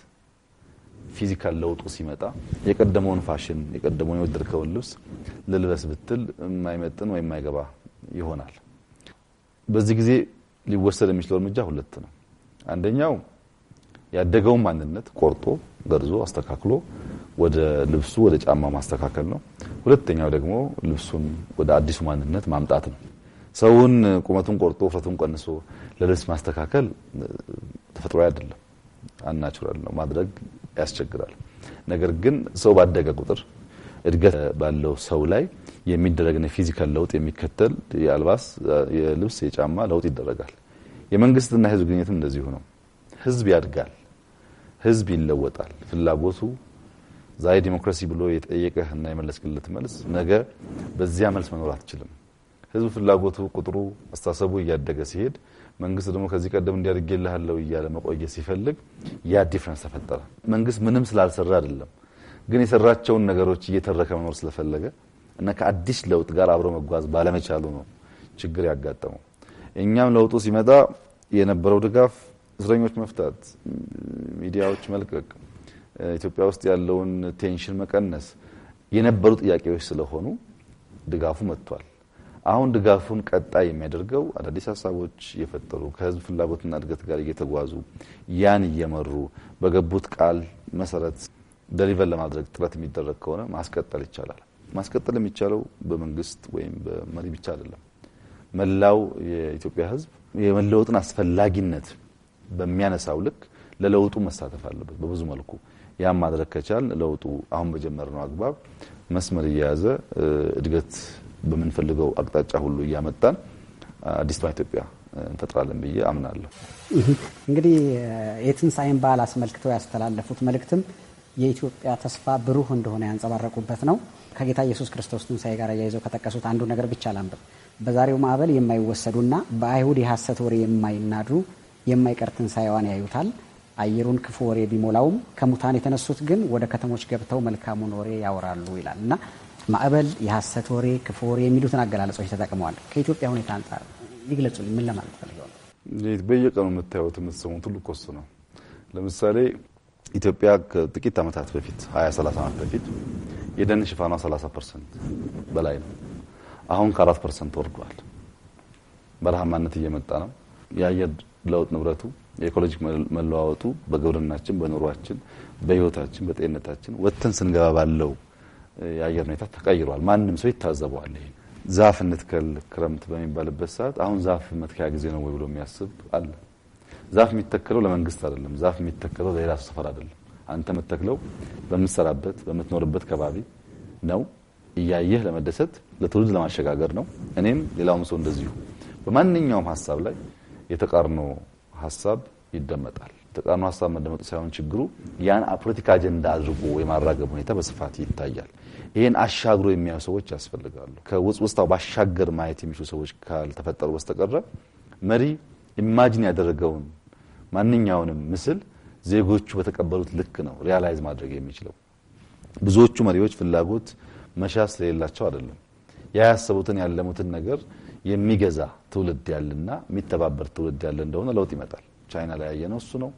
ፊዚካል ለውጡ ሲመጣ የቀደመውን ፋሽን የቀደመውን የወደድከውን ልብስ ልልበስ ብትል የማይመጥን ወይም የማይገባ ይሆናል። በዚህ ጊዜ ሊወሰድ የሚችለው እርምጃ ሁለት ነው። አንደኛው ያደገውን ማንነት ቆርጦ ገርዞ አስተካክሎ ወደ ልብሱ ወደ ጫማ ማስተካከል ነው። ሁለተኛው ደግሞ ልብሱን ወደ አዲሱ ማንነት ማምጣት ነው። ሰውን ቁመቱን ቆርጦ ውፍረቱን ቀንሶ ለልብስ ማስተካከል ተፈጥሯዊ አይደለም፣ አናቹራል ነው። ማድረግ ያስቸግራል። ነገር ግን ሰው ባደገ ቁጥር እድገት ባለው ሰው ላይ የሚደረግ የፊዚካል ለውጥ የሚከተል የአልባስ፣ የልብስ፣ የጫማ ለውጥ ይደረጋል። የመንግስትና የህዝብ ግንኙነትም እንደዚሁ ነው። ህዝብ ያድጋል፣ ህዝብ ይለወጣል። ፍላጎቱ ዛሬ ዲሞክራሲ ብሎ የጠየቀህ እና የመለስክለት መልስ ነገ በዚያ መልስ መኖር አትችልም። ህዝብ ፍላጎቱ፣ ቁጥሩ፣ አስተሳሰቡ እያደገ ሲሄድ መንግስት ደግሞ ከዚህ ቀደም እንዲያድርግልሃለው እያለ መቆየት ሲፈልግ ያ ዲፍረንስ ተፈጠረ። መንግስት ምንም ስላልሰራ አይደለም፣ ግን የሰራቸውን ነገሮች እየተረከ መኖር ስለፈለገ እና ከአዲስ ለውጥ ጋር አብሮ መጓዝ ባለመቻሉ ነው ችግር ያጋጠመው። እኛም ለውጡ ሲመጣ የነበረው ድጋፍ እስረኞች መፍታት፣ ሚዲያዎች መልቀቅ፣ ኢትዮጵያ ውስጥ ያለውን ቴንሽን መቀነስ የነበሩ ጥያቄዎች ስለሆኑ ድጋፉ መጥቷል። አሁን ድጋፉን ቀጣይ የሚያደርገው አዳዲስ ሀሳቦች እየፈጠሩ ከህዝብ ፍላጎትና እድገት ጋር እየተጓዙ ያን እየመሩ በገቡት ቃል መሰረት ደሊቨር ለማድረግ ጥረት የሚደረግ ከሆነ ማስቀጠል ይቻላል። ማስቀጠል የሚቻለው በመንግስት ወይም በመሪ ብቻ አይደለም። መላው የኢትዮጵያ ህዝብ የመለወጥን አስፈላጊነት በሚያነሳው ልክ ለለውጡ መሳተፍ አለበት። በብዙ መልኩ ያም ማድረግ ከቻል ለውጡ አሁን በጀመርነው አግባብ መስመር እየያዘ እድገት በምንፈልገው አቅጣጫ ሁሉ እያመጣን አዲስቷ ኢትዮጵያ እንፈጥራለን ብዬ አምናለሁ። እንግዲህ የትንሳኤን በዓል አስመልክተው ያስተላለፉት መልእክትም የኢትዮጵያ ተስፋ ብሩህ እንደሆነ ያንጸባረቁበት ነው። ከጌታ ኢየሱስ ክርስቶስ ትንሳኤ ጋር አያይዘው ከጠቀሱት አንዱ ነገር ብቻ ላንብብ። በዛሬው ማዕበል የማይወሰዱና በአይሁድ የሐሰት ወሬ የማይናዱ የማይቀር ትንሣኤዋን ያዩታል። አየሩን ክፉ ወሬ ቢሞላውም ከሙታን የተነሱት ግን ወደ ከተሞች ገብተው መልካሙን ወሬ ያወራሉ ይላል እና ማዕበል፣ የሐሰት ወሬ፣ ክፉ ወሬ የሚሉትን አገላለጾች ተጠቅመዋል። ከኢትዮጵያ ሁኔታ አንጻር ይግለጹልኝ። ምን ለማለት ፈልገው ነው? በየቀኑ የምታዩት የምትሰሙት ሁሉ ኮሱ ነው። ለምሳሌ ኢትዮጵያ ከጥቂት ዓመታት በፊት 23 ዓመት በፊት የደን ሽፋኗ 30 ፐርሰንት በላይ ነው። አሁን ከ ከ4 ፐርሰንት ወርዷል። በረሃማነት እየመጣ ነው። የአየር ለውጥ ንብረቱ የኢኮሎጂክ መለዋወጡ በግብርናችን፣ በኑሯችን፣ በህይወታችን፣ በጤንነታችን ወጥተን ስንገባ ባለው የአየር ሁኔታ ተቀይሯል። ማንም ሰው ይታዘበዋል። ይሄ ዛፍ እንትከል ክረምት በሚባልበት ሰዓት አሁን ዛፍ መትከያ ጊዜ ነው ወይ ብሎ የሚያስብ አለ። ዛፍ የሚተከለው ለመንግስት አይደለም። ዛፍ የሚተከለው ለሌላ ሰፈር አይደለም። አንተ የምትተክለው በምትሰራበት በምትኖርበት ከባቢ ነው። እያየህ ለመደሰት ለትውልድ ለማሸጋገር ነው። እኔም ሌላውም ሰው እንደዚሁ በማንኛውም ሀሳብ ላይ የተቃርኖ ሀሳብ ይደመጣል። የተቃርኖ ሀሳብ መደመጡ ሳይሆን ችግሩ ያን ፖለቲካ አጀንዳ አድርጎ የማራገብ ሁኔታ በስፋት ይታያል። ይህን አሻግሮ የሚያዩ ሰዎች ያስፈልጋሉ። ከውስጣው ባሻገር ማየት የሚችሉ ሰዎች ካልተፈጠሩ በስተቀረ መሪ ኢማጂን ያደረገውን ማንኛውንም ምስል ዜጎቹ በተቀበሉት ልክ ነው ሪያላይዝ ማድረግ የሚችለው። ብዙዎቹ መሪዎች ፍላጎት መሻት ስለሌላቸው አይደለም። ያያሰቡትን ያለሙትን ነገር የሚገዛ ትውልድ ያለና የሚተባበር ትውልድ ያለ እንደሆነ ለውጥ ይመጣል። ቻይና ላይ ያየነው እሱ ነው።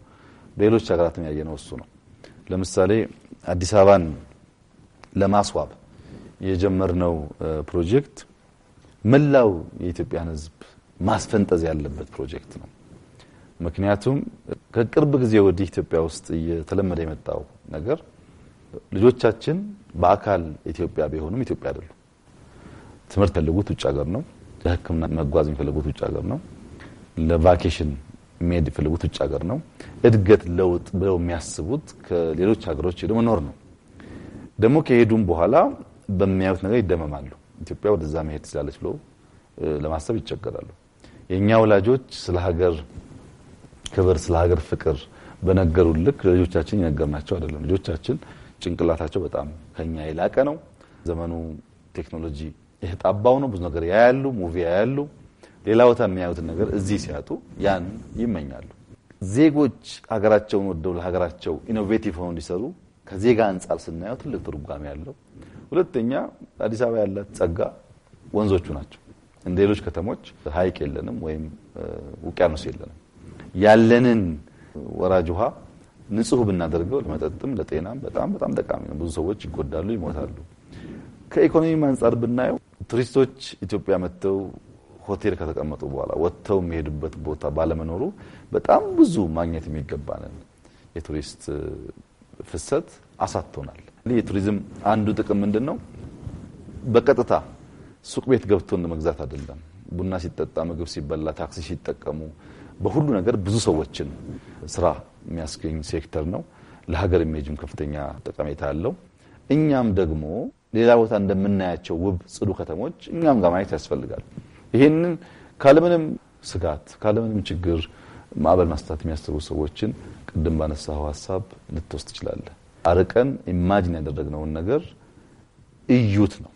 ሌሎች ሀገራትም ያየነው እሱ ነው። ለምሳሌ አዲስ አበባን ለማስዋብ የጀመርነው ፕሮጀክት መላው የኢትዮጵያን ሕዝብ ማስፈንጠዝ ያለበት ፕሮጀክት ነው። ምክንያቱም ከቅርብ ጊዜ ወዲህ ኢትዮጵያ ውስጥ እየተለመደ የመጣው ነገር ልጆቻችን በአካል ኢትዮጵያ ቢሆኑም ኢትዮጵያ አይደሉም። ትምህርት የሚፈልጉት ውጭ ሀገር ነው። ለሕክምና መጓዝ የሚፈልጉት ውጭ ሀገር ነው። ለቫኬሽን የሚሄድ የሚፈልጉት ውጭ ሀገር ነው። እድገት፣ ለውጥ ብለው የሚያስቡት ከሌሎች ሀገሮች ሄዶ መኖር ነው። ደግሞ ከሄዱም በኋላ በሚያዩት ነገር ይደመማሉ። ኢትዮጵያ ወደዛ መሄድ ትችላለች ብሎ ለማሰብ ይቸገራሉ። የእኛ ወላጆች ስለ ሀገር ክብር፣ ስለ ሀገር ፍቅር በነገሩ ልክ ለልጆቻችን የነገርናቸው አይደለም። ልጆቻችን ጭንቅላታቸው በጣም ከኛ የላቀ ነው። ዘመኑ ቴክኖሎጂ የተጣባው ነው። ብዙ ነገር ያያሉ፣ ሙቪ ያያሉ። ሌላ ቦታ የሚያዩትን ነገር እዚህ ሲያጡ ያን ይመኛሉ። ዜጎች ሀገራቸውን ወደው ለሀገራቸው ኢኖቬቲቭ ሆነው እንዲሰሩ ከዜጋ አንጻር ስናየው ትልቅ ትርጓሜ ያለው። ሁለተኛ አዲስ አበባ ያላት ጸጋ ወንዞቹ ናቸው። እንደ ሌሎች ከተሞች ሀይቅ የለንም ወይም ውቅያኖስ የለንም። ያለንን ወራጅ ውሃ ንጹህ ብናደርገው ለመጠጥም ለጤናም በጣም በጣም ጠቃሚ ነው። ብዙ ሰዎች ይጎዳሉ፣ ይሞታሉ። ከኢኮኖሚም አንጻር ብናየው ቱሪስቶች ኢትዮጵያ መጥተው ሆቴል ከተቀመጡ በኋላ ወጥተው የሚሄዱበት ቦታ ባለመኖሩ በጣም ብዙ ማግኘት የሚገባንን የቱሪስት ፍሰት አሳጥቶናል። የቱሪዝም አንዱ ጥቅም ምንድን ነው? በቀጥታ ሱቅ ቤት ገብቶ መግዛት አይደለም። ቡና ሲጠጣ፣ ምግብ ሲበላ፣ ታክሲ ሲጠቀሙ፣ በሁሉ ነገር ብዙ ሰዎችን ስራ የሚያስገኝ ሴክተር ነው። ለሀገር ኢሜጅም ከፍተኛ ጠቀሜታ አለው። እኛም ደግሞ ሌላ ቦታ እንደምናያቸው ውብ ጽዱ ከተሞች እኛም ጋር ማየት ያስፈልጋል። ይህንን ካለምንም ስጋት ካለምንም ችግር ማዕበል ማስታት የሚያስቡ ሰዎችን ቅድም ባነሳው ሀሳብ ልትወስድ ትችላለህ። አርቀን ኢማጂን ያደረግነውን ነገር እዩት ነው።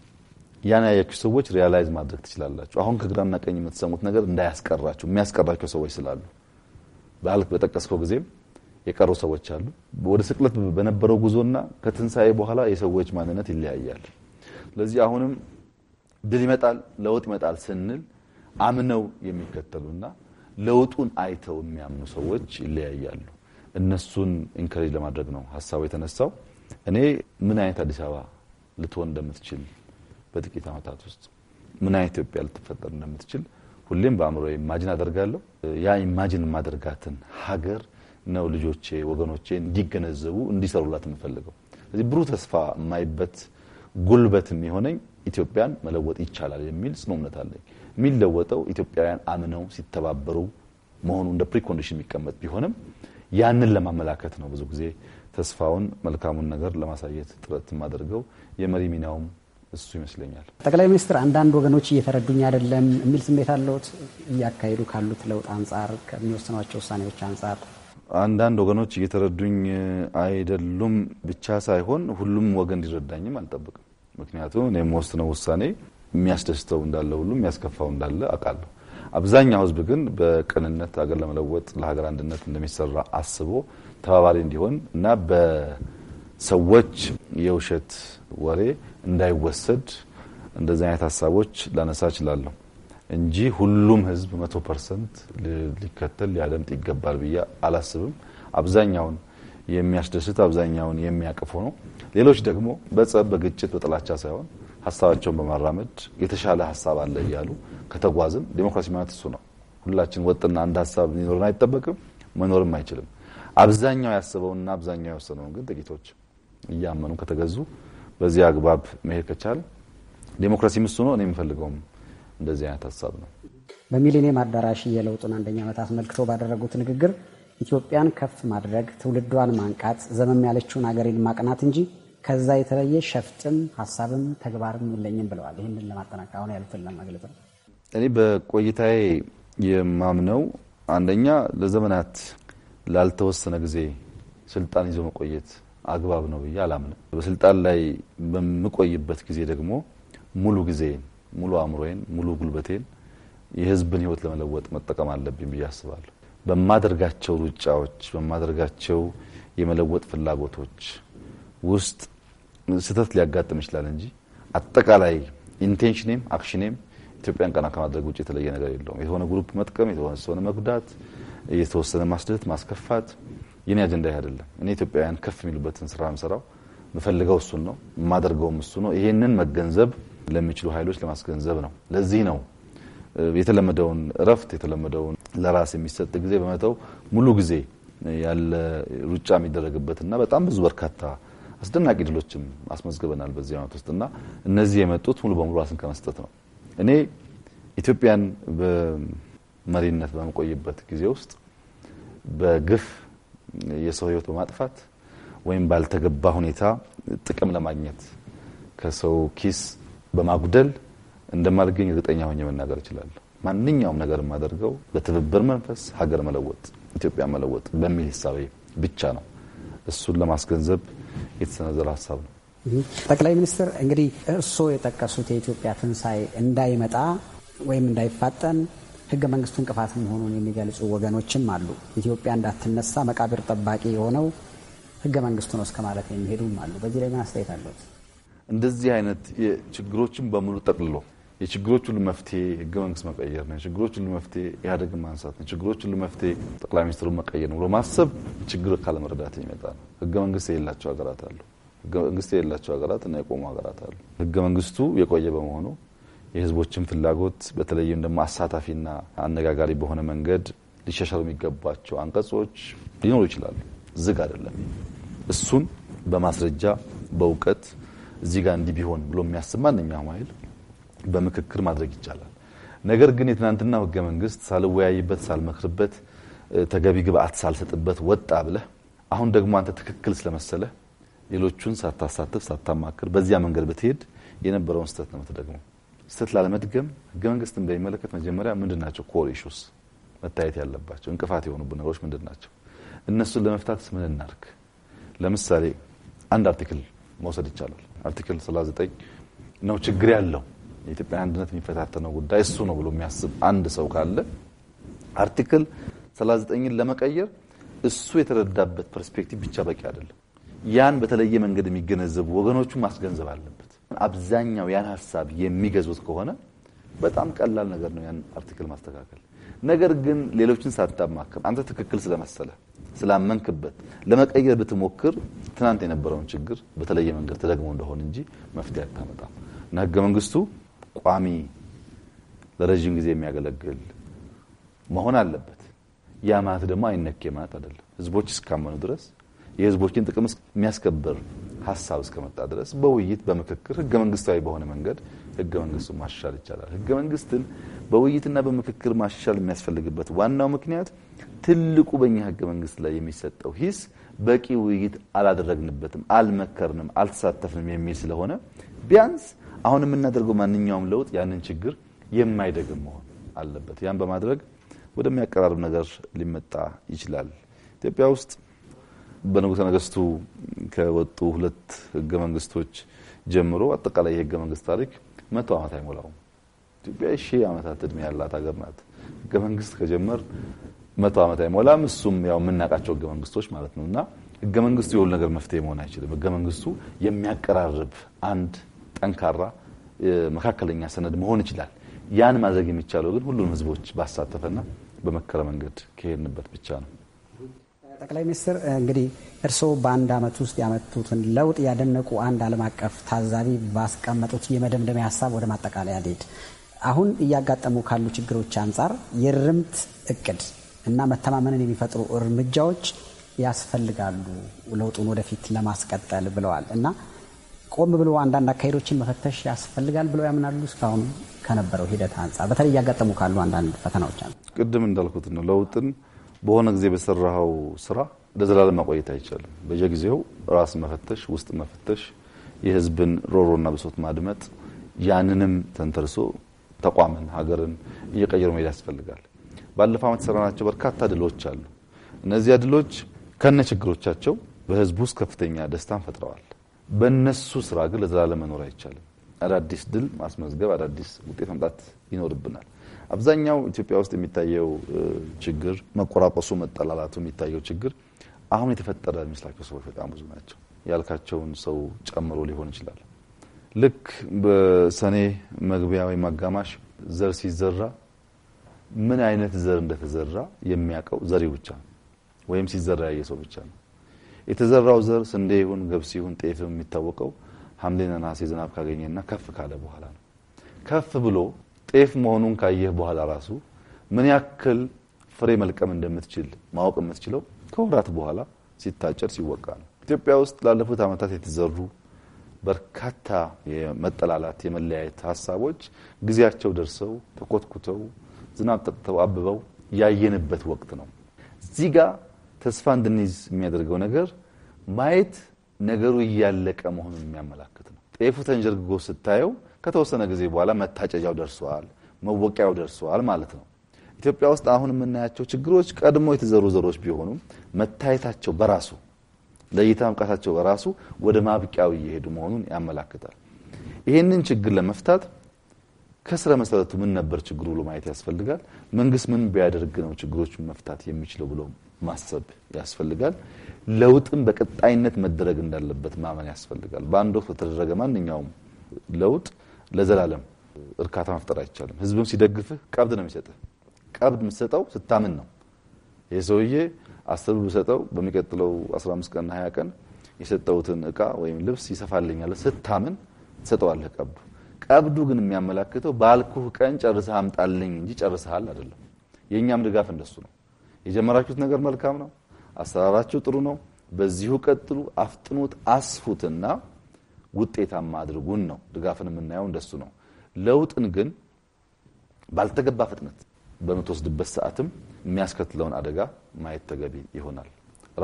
ያን ያያችሁ ሰዎች ሪያላይዝ ማድረግ ትችላላችሁ። አሁን ከግራና ቀኝ የምትሰሙት ነገር እንዳያስቀራችሁ የሚያስቀራቸው ሰዎች ስላሉ በአልክ በጠቀስከው ጊዜም የቀሩ ሰዎች አሉ። ወደ ስቅለት በነበረው ጉዞና ከትንሣኤ በኋላ የሰዎች ማንነት ይለያያል። ስለዚህ አሁንም ድል ይመጣል፣ ለውጥ ይመጣል ስንል አምነው የሚከተሉና ለውጡን አይተው የሚያምኑ ሰዎች ይለያያሉ። እነሱን ኢንከሬጅ ለማድረግ ነው ሀሳቡ የተነሳው። እኔ ምን አይነት አዲስ አበባ ልትሆን እንደምትችል በጥቂት ዓመታት ውስጥ ምን አይነት ኢትዮጵያ ልትፈጠር እንደምትችል ሁሌም በአእምሮ ኢማጂን አደርጋለሁ። ያ ኢማጂን ማደርጋትን ሀገር ነው ልጆቼ ወገኖቼ እንዲገነዘቡ እንዲሰሩላት የምፈልገው። ስለዚህ ብሩህ ተስፋ የማይበት ጉልበት የሚሆነኝ ኢትዮጵያን መለወጥ ይቻላል የሚል ጽኑ እምነት አለኝ። የሚለወጠው ኢትዮጵያውያን አምነው ሲተባበሩ መሆኑ እንደ ፕሪኮንዲሽን የሚቀመጥ ቢሆንም ያንን ለማመላከት ነው ብዙ ጊዜ ተስፋውን መልካሙን ነገር ለማሳየት ጥረት የማደርገው የመሪ ሚናውም እሱ ይመስለኛል። ጠቅላይ ሚኒስትር አንዳንድ ወገኖች እየተረዱኝ አይደለም የሚል ስሜት አለዎት? እያካሄዱ ካሉት ለውጥ አንጻር፣ ከሚወስኗቸው ውሳኔዎች አንጻር አንዳንድ ወገኖች እየተረዱኝ አይደሉም ብቻ ሳይሆን ሁሉም ወገን እንዲረዳኝም አልጠብቅም። ምክንያቱም እኔ የምወስነው ውሳኔ የሚያስደስተው እንዳለ ሁሉ የሚያስከፋው እንዳለ አውቃለሁ። አብዛኛው ህዝብ ግን በቅንነት ሀገር ለመለወጥ ለሀገር አንድነት እንደሚሰራ አስቦ ተባባሪ እንዲሆን እና በሰዎች የውሸት ወሬ እንዳይወሰድ እንደዚህ አይነት ሀሳቦች ላነሳ እችላለሁ እንጂ ሁሉም ህዝብ መቶ ፐርሰንት ሊከተል ሊያደምጥ ይገባል ብዬ አላስብም። አብዛኛውን የሚያስደስት አብዛኛውን የሚያቅፍ ነው። ሌሎች ደግሞ በጸብ በግጭት በጥላቻ ሳይሆን ሀሳባቸውን በማራመድ የተሻለ ሀሳብ አለ እያሉ ከተጓዝን ዴሞክራሲ ማለት እሱ ነው። ሁላችን ወጥና አንድ ሀሳብ ሊኖረን አይጠበቅም፣ መኖርም አይችልም። አብዛኛው ያስበውና አብዛኛው የወሰነውን ግን ጥቂቶች እያመኑ ከተገዙ በዚህ አግባብ መሄድ ከቻል ዴሞክራሲ ምስ ነው። እኔ የምፈልገውም እንደዚህ አይነት ሀሳብ ነው። በሚሊኒየም አዳራሽ የለውጡን አንደኛ ዓመት አስመልክቶ ባደረጉት ንግግር ኢትዮጵያን ከፍ ማድረግ፣ ትውልዷን ማንቃት፣ ዘመም ያለችውን አገሬን ማቅናት እንጂ ከዛ የተለየ ሸፍጥም ሀሳብም ተግባርም የለኝም ብለዋል። ይህንን ለማጠናቀቅ አሁን ያሉትን ለመግለጽ ነው። እኔ በቆይታዬ የማምነው አንደኛ ለዘመናት ላልተወሰነ ጊዜ ስልጣን ይዞ መቆየት አግባብ ነው ብዬ አላምነ። በስልጣን ላይ በምቆይበት ጊዜ ደግሞ ሙሉ ጊዜን፣ ሙሉ አእምሮዬን፣ ሙሉ ጉልበቴን የህዝብን ህይወት ለመለወጥ መጠቀም አለብኝ ብዬ አስባለሁ። በማደርጋቸው ሩጫዎች፣ በማደርጋቸው የመለወጥ ፍላጎቶች ውስጥ ስህተት ሊያጋጥም ይችላል እንጂ አጠቃላይ ኢንቴንሽኔም አክሽኔም ኢትዮጵያን ቀና ከማድረግ ውጭ የተለየ ነገር የለውም። የሆነ ግሩፕ መጥቀም፣ የተወሰነ መጉዳት፣ የተወሰነ ማስደት፣ ማስከፋት የኔ አጀንዳ ይህ አይደለም። እኔ ኢትዮጵያውያን ከፍ የሚሉበትን ስራ ምሰራው ምፈልገው እሱን ነው የማደርገውም እሱ ነው። ይሄንን መገንዘብ ለሚችሉ ኃይሎች ለማስገንዘብ ነው። ለዚህ ነው የተለመደውን እረፍት የተለመደውን ለራስ የሚሰጥ ጊዜ በመተው ሙሉ ጊዜ ያለ ሩጫ የሚደረግበትና በጣም ብዙ በርካታ አስደናቂ ድሎችም አስመዝግበናል በዚህ ዓመት ውስጥና እነዚህ የመጡት ሙሉ በሙሉ ራስን ከመስጠት ነው። እኔ ኢትዮጵያን በመሪነት በመቆይበት ጊዜ ውስጥ በግፍ የሰው ህይወት በማጥፋት ወይም ባልተገባ ሁኔታ ጥቅም ለማግኘት ከሰው ኪስ በማጉደል እንደማልገኝ እርግጠኛ ሆኜ መናገር እችላለሁ። ማንኛውም ነገር የማደርገው በትብብር መንፈስ ሀገር መለወጥ ኢትዮጵያ መለወጥ በሚል ሂሳቤ ብቻ ነው። እሱን ለማስገንዘብ የተሰነዘረ ሀሳብ ነው። ጠቅላይ ሚኒስትር እንግዲህ እርስዎ የጠቀሱት የኢትዮጵያ ትንሣኤ እንዳይመጣ ወይም እንዳይፋጠን ህገ መንግስቱ እንቅፋት መሆኑን የሚገልጹ ወገኖችም አሉ። ኢትዮጵያ እንዳትነሳ መቃብር ጠባቂ የሆነው ህገ መንግስቱ ነው እስከ ማለት የሚሄዱም አሉ። በዚህ ላይ ምን አስተያየት አለት? እንደዚህ አይነት ችግሮችን በሙሉ ጠቅልሎ የችግሮች ሁሉ መፍትሄ ህገ መንግስት መቀየር ነው። የችግሮች ሁሉ መፍትሄ ኢህአዴግን ማንሳት ነው። የችግሮች ሁሉ መፍትሄ ጠቅላይ ሚኒስትሩ መቀየር ነው ብሎ ማሰብ ችግር ካለመረዳት የሚመጣ ነው። ህገ መንግስት የሌላቸው ሀገራት አሉ። ህገ መንግስት የሌላቸው ሀገራት እና የቆሙ ሀገራት አሉ። ህገ መንግስቱ የቆየ በመሆኑ የህዝቦችን ፍላጎት በተለይም ደግሞ አሳታፊና አነጋጋሪ በሆነ መንገድ ሊሻሻሉ የሚገባቸው አንቀጾች ሊኖሩ ይችላሉ። ዝግ አይደለም። እሱን በማስረጃ በእውቀት እዚህ ጋር እንዲህ ቢሆን ብሎ የሚያስብ ማንኛውም ኃይል በምክክር ማድረግ ይቻላል። ነገር ግን የትናንትናው ህገ መንግስት ሳልወያይበት፣ ሳልመክርበት፣ ተገቢ ግብአት ሳልሰጥበት ወጣ ብለህ አሁን ደግሞ አንተ ትክክል ስለመሰለ ሌሎቹን ሳታሳትፍ፣ ሳታማክር በዚያ መንገድ ብትሄድ የነበረውን ስህተት ነው ተደግሞ ስህተት ላለመድገም ህገ መንግስትን በሚመለከት መጀመሪያ ምንድን ናቸው ኮር ኢሹስ መታየት ያለባቸው እንቅፋት የሆኑብን ነገሮች ምንድን ናቸው? እነሱን ለመፍታትስ ምን እናርግ? ለምሳሌ አንድ አርቲክል መውሰድ ይቻላል። አርቲክል 39 ነው ችግር ያለው የኢትዮጵያ አንድነት የሚፈታተነው ጉዳይ እሱ ነው ብሎ የሚያስብ አንድ ሰው ካለ አርቲክል 39ን ለመቀየር እሱ የተረዳበት ፐርስፔክቲቭ ብቻ በቂ አይደለም። ያን በተለየ መንገድ የሚገነዘቡ ወገኖቹ ማስገንዘብ አለበት። አብዛኛው ያን ሀሳብ የሚገዙት ከሆነ በጣም ቀላል ነገር ነው ያን አርቲክል ማስተካከል። ነገር ግን ሌሎችን ሳታማከል አንተ ትክክል ስለመሰለ ስላመንክበት ለመቀየር ብትሞክር ትናንት የነበረውን ችግር በተለየ መንገድ ተደግሞ እንደሆን እንጂ መፍትሄ አታመጣም እና ህገ መንግስቱ ቋሚ ለረዥም ጊዜ የሚያገለግል መሆን አለበት። ያ ማለት ደግሞ አይነኬ ማለት አይደለም። ህዝቦች እስካመኑ ድረስ የህዝቦችን ጥቅም የሚያስከብር ሀሳብ እስከመጣ ድረስ በውይይት በምክክር ህገ መንግስታዊ በሆነ መንገድ ህገ መንግስቱን ማሻሻል ይቻላል። ህገ መንግስትን በውይይትና በምክክር ማሻሻል የሚያስፈልግበት ዋናው ምክንያት ትልቁ በእኛ ህገ መንግስት ላይ የሚሰጠው ሂስ በቂ ውይይት አላደረግንበትም፣ አልመከርንም፣ አልተሳተፍንም የሚል ስለሆነ ቢያንስ አሁን የምናደርገው ማንኛውም ለውጥ ያንን ችግር የማይደግም መሆን አለበት። ያን በማድረግ ወደሚያቀራርብ ነገር ሊመጣ ይችላል። ኢትዮጵያ ውስጥ በንጉሠ ነገሥቱ ከወጡ ሁለት ህገ መንግስቶች ጀምሮ አጠቃላይ የህገ መንግስት ታሪክ መቶ ዓመት አይሞላውም። ኢትዮጵያ ሺህ ዓመታት እድሜ ያላት ሀገር ናት። ህገ መንግስት ከጀመር መቶ ዓመት አይሞላም። እሱም ያው የምናውቃቸው ህገ መንግስቶች ማለት ነው እና ህገ መንግስቱ የሁሉ ነገር መፍትሄ መሆን አይችልም። ህገ መንግስቱ የሚያቀራርብ አንድ ጠንካራ መካከለኛ ሰነድ መሆን ይችላል። ያን ማድረግ የሚቻለው ግን ሁሉንም ህዝቦች ባሳተፈና በመከረ መንገድ ከሄድንበት ብቻ ነው። ጠቅላይ ሚኒስትር እንግዲህ እርስዎ በአንድ ዓመት ውስጥ ያመጡትን ለውጥ ያደነቁ አንድ ዓለም አቀፍ ታዛቢ ባስቀመጡት የመደምደሚያ ሀሳብ ወደ ማጠቃለያ ልሄድ። አሁን እያጋጠሙ ካሉ ችግሮች አንጻር የርምት እቅድ እና መተማመንን የሚፈጥሩ እርምጃዎች ያስፈልጋሉ ለውጡን ወደፊት ለማስቀጠል ብለዋል እና ቆም ብሎ አንዳንድ አካሄዶችን መፈተሽ ያስፈልጋል ብለው ያምናሉ። እስካሁን ከነበረው ሂደት አንጻር በተለይ እያጋጠሙ ካሉ አንዳንድ ፈተናዎች አሉ። ቅድም እንዳልኩት ነው። ለውጥን በሆነ ጊዜ በሰራኸው ስራ ለዘላለም ማቆየት አይቻልም። በየጊዜው ራስ መፈተሽ፣ ውስጥ መፈተሽ፣ የህዝብን ሮሮና ብሶት ማድመጥ፣ ያንንም ተንተርሶ ተቋምን፣ ሀገርን እየቀየሩ መሄድ ያስፈልጋል። ባለፈው ዓመት የሰራናቸው በርካታ ድሎች አሉ። እነዚያ ድሎች ከነ ችግሮቻቸው በህዝቡ ውስጥ ከፍተኛ ደስታን ፈጥረዋል። በእነሱ ስራ ግን ለዘላለም መኖር አይቻልም። አዳዲስ ድል ማስመዝገብ፣ አዳዲስ ውጤት መምጣት ይኖርብናል። አብዛኛው ኢትዮጵያ ውስጥ የሚታየው ችግር መቆራቆሱ፣ መጠላላቱ የሚታየው ችግር አሁን የተፈጠረ የሚመስላቸው ሰዎች በጣም ብዙ ናቸው። ያልካቸውን ሰው ጨምሮ ሊሆን ይችላል። ልክ በሰኔ መግቢያ ወይም አጋማሽ ዘር ሲዘራ ምን አይነት ዘር እንደተዘራ የሚያውቀው ዘሪው ብቻ ነው፣ ወይም ሲዘራ ያየ ሰው ብቻ ነው። የተዘራው ዘር ስንዴ ይሁን ገብስ ይሁን ጤፍ የሚታወቀው ሐምሌና ነሐሴ ዝናብ ካገኘና ከፍ ካለ በኋላ ነው። ከፍ ብሎ ጤፍ መሆኑን ካየህ በኋላ ራሱ ምን ያክል ፍሬ መልቀም እንደምትችል ማወቅ የምትችለው ከወራት በኋላ ሲታጨር ሲወቃ ነው። ኢትዮጵያ ውስጥ ላለፉት ዓመታት የተዘሩ በርካታ የመጠላላት የመለያየት ሀሳቦች ጊዜያቸው ደርሰው ተኮትኩተው ዝናብ ጠጥተው አብበው ያየንበት ወቅት ነው። እዚህ ጋር ተስፋ እንድንይዝ የሚያደርገው ነገር ማየት ነገሩ እያለቀ መሆኑን የሚያመላክት ነው። ጤፉ ተንጀርግጎ ስታየው ከተወሰነ ጊዜ በኋላ መታጨጃው ደርሰዋል፣ መወቂያው ደርሰዋል ማለት ነው። ኢትዮጵያ ውስጥ አሁን የምናያቸው ችግሮች ቀድሞ የተዘሩ ዘሮች ቢሆኑም መታየታቸው በራሱ ለእይታ መብቃታቸው በራሱ ወደ ማብቂያው እየሄዱ መሆኑን ያመላክታል። ይህንን ችግር ለመፍታት ከስረ መሰረቱ ምን ነበር ችግሩ ብሎ ማየት ያስፈልጋል። መንግስት ምን ቢያደርግ ነው ችግሮቹን መፍታት የሚችለው ብሎ ማሰብ ያስፈልጋል። ለውጥም በቀጣይነት መደረግ እንዳለበት ማመን ያስፈልጋል። በአንድ ወቅት በተደረገ ማንኛውም ለውጥ ለዘላለም እርካታ መፍጠር አይቻልም። ህዝብም ሲደግፍህ ቀብድ ነው የሚሰጥህ። ቀብድ የምትሰጠው ስታምን ነው። ይህ ሰውዬ አስር ብር ሰጠው በሚቀጥለው 15 ቀንና 20 ቀን የሰጠውትን እቃ ወይም ልብስ ይሰፋልኛል ስታምን ትሰጠዋለህ። ቀብዱ ቀብዱ ግን የሚያመላክተው ባልኩህ ቀን ጨርሰህ አምጣልኝ እንጂ ጨርሰሃል አይደለም። የእኛም ድጋፍ እንደሱ ነው። የጀመራችሁት ነገር መልካም ነው። አሰራራችሁ ጥሩ ነው። በዚሁ ቀጥሉ፣ አፍጥኑት፣ አስፉትና ውጤታማ አድርጉን ነው። ድጋፍን የምናየው እንደሱ ነው። ለውጥን ግን ባልተገባ ፍጥነት በምትወስድበት ሰዓትም የሚያስከትለውን አደጋ ማየት ተገቢ ይሆናል።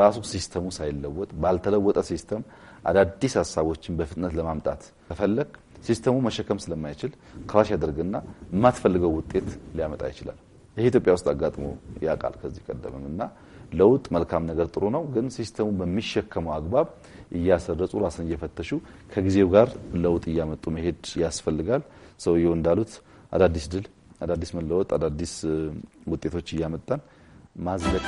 ራሱ ሲስተሙ ሳይለወጥ ባልተለወጠ ሲስተም አዳዲስ ሀሳቦችን በፍጥነት ለማምጣት ከፈለግ ሲስተሙ መሸከም ስለማይችል ክራሽ ያደርግና የማትፈልገው ውጤት ሊያመጣ ይችላል። ይሄ ኢትዮጵያ ውስጥ አጋጥሞ ያውቃል ከዚህ ቀደምም እና ለውጥ መልካም ነገር ጥሩ ነው፣ ግን ሲስተሙ በሚሸከመው አግባብ እያሰረጹ ራስን እየፈተሹ ከጊዜው ጋር ለውጥ እያመጡ መሄድ ያስፈልጋል። ሰውየው እንዳሉት አዳዲስ ድል፣ አዳዲስ መለወጥ፣ አዳዲስ ውጤቶች እያመጣን ማዝለቅ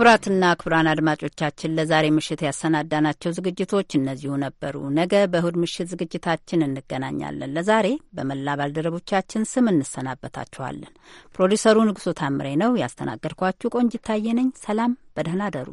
ክቡራትና ክቡራን አድማጮቻችን ለዛሬ ምሽት ያሰናዳናቸው ዝግጅቶች እነዚሁ ነበሩ። ነገ በእሁድ ምሽት ዝግጅታችን እንገናኛለን። ለዛሬ በመላ ባልደረቦቻችን ስም እንሰናበታችኋለን። ፕሮዲሰሩ ንጉሶ ታምሬ ነው። ያስተናገድኳችሁ ቆንጅታዬ ነኝ። ሰላም፣ በደህና አደሩ።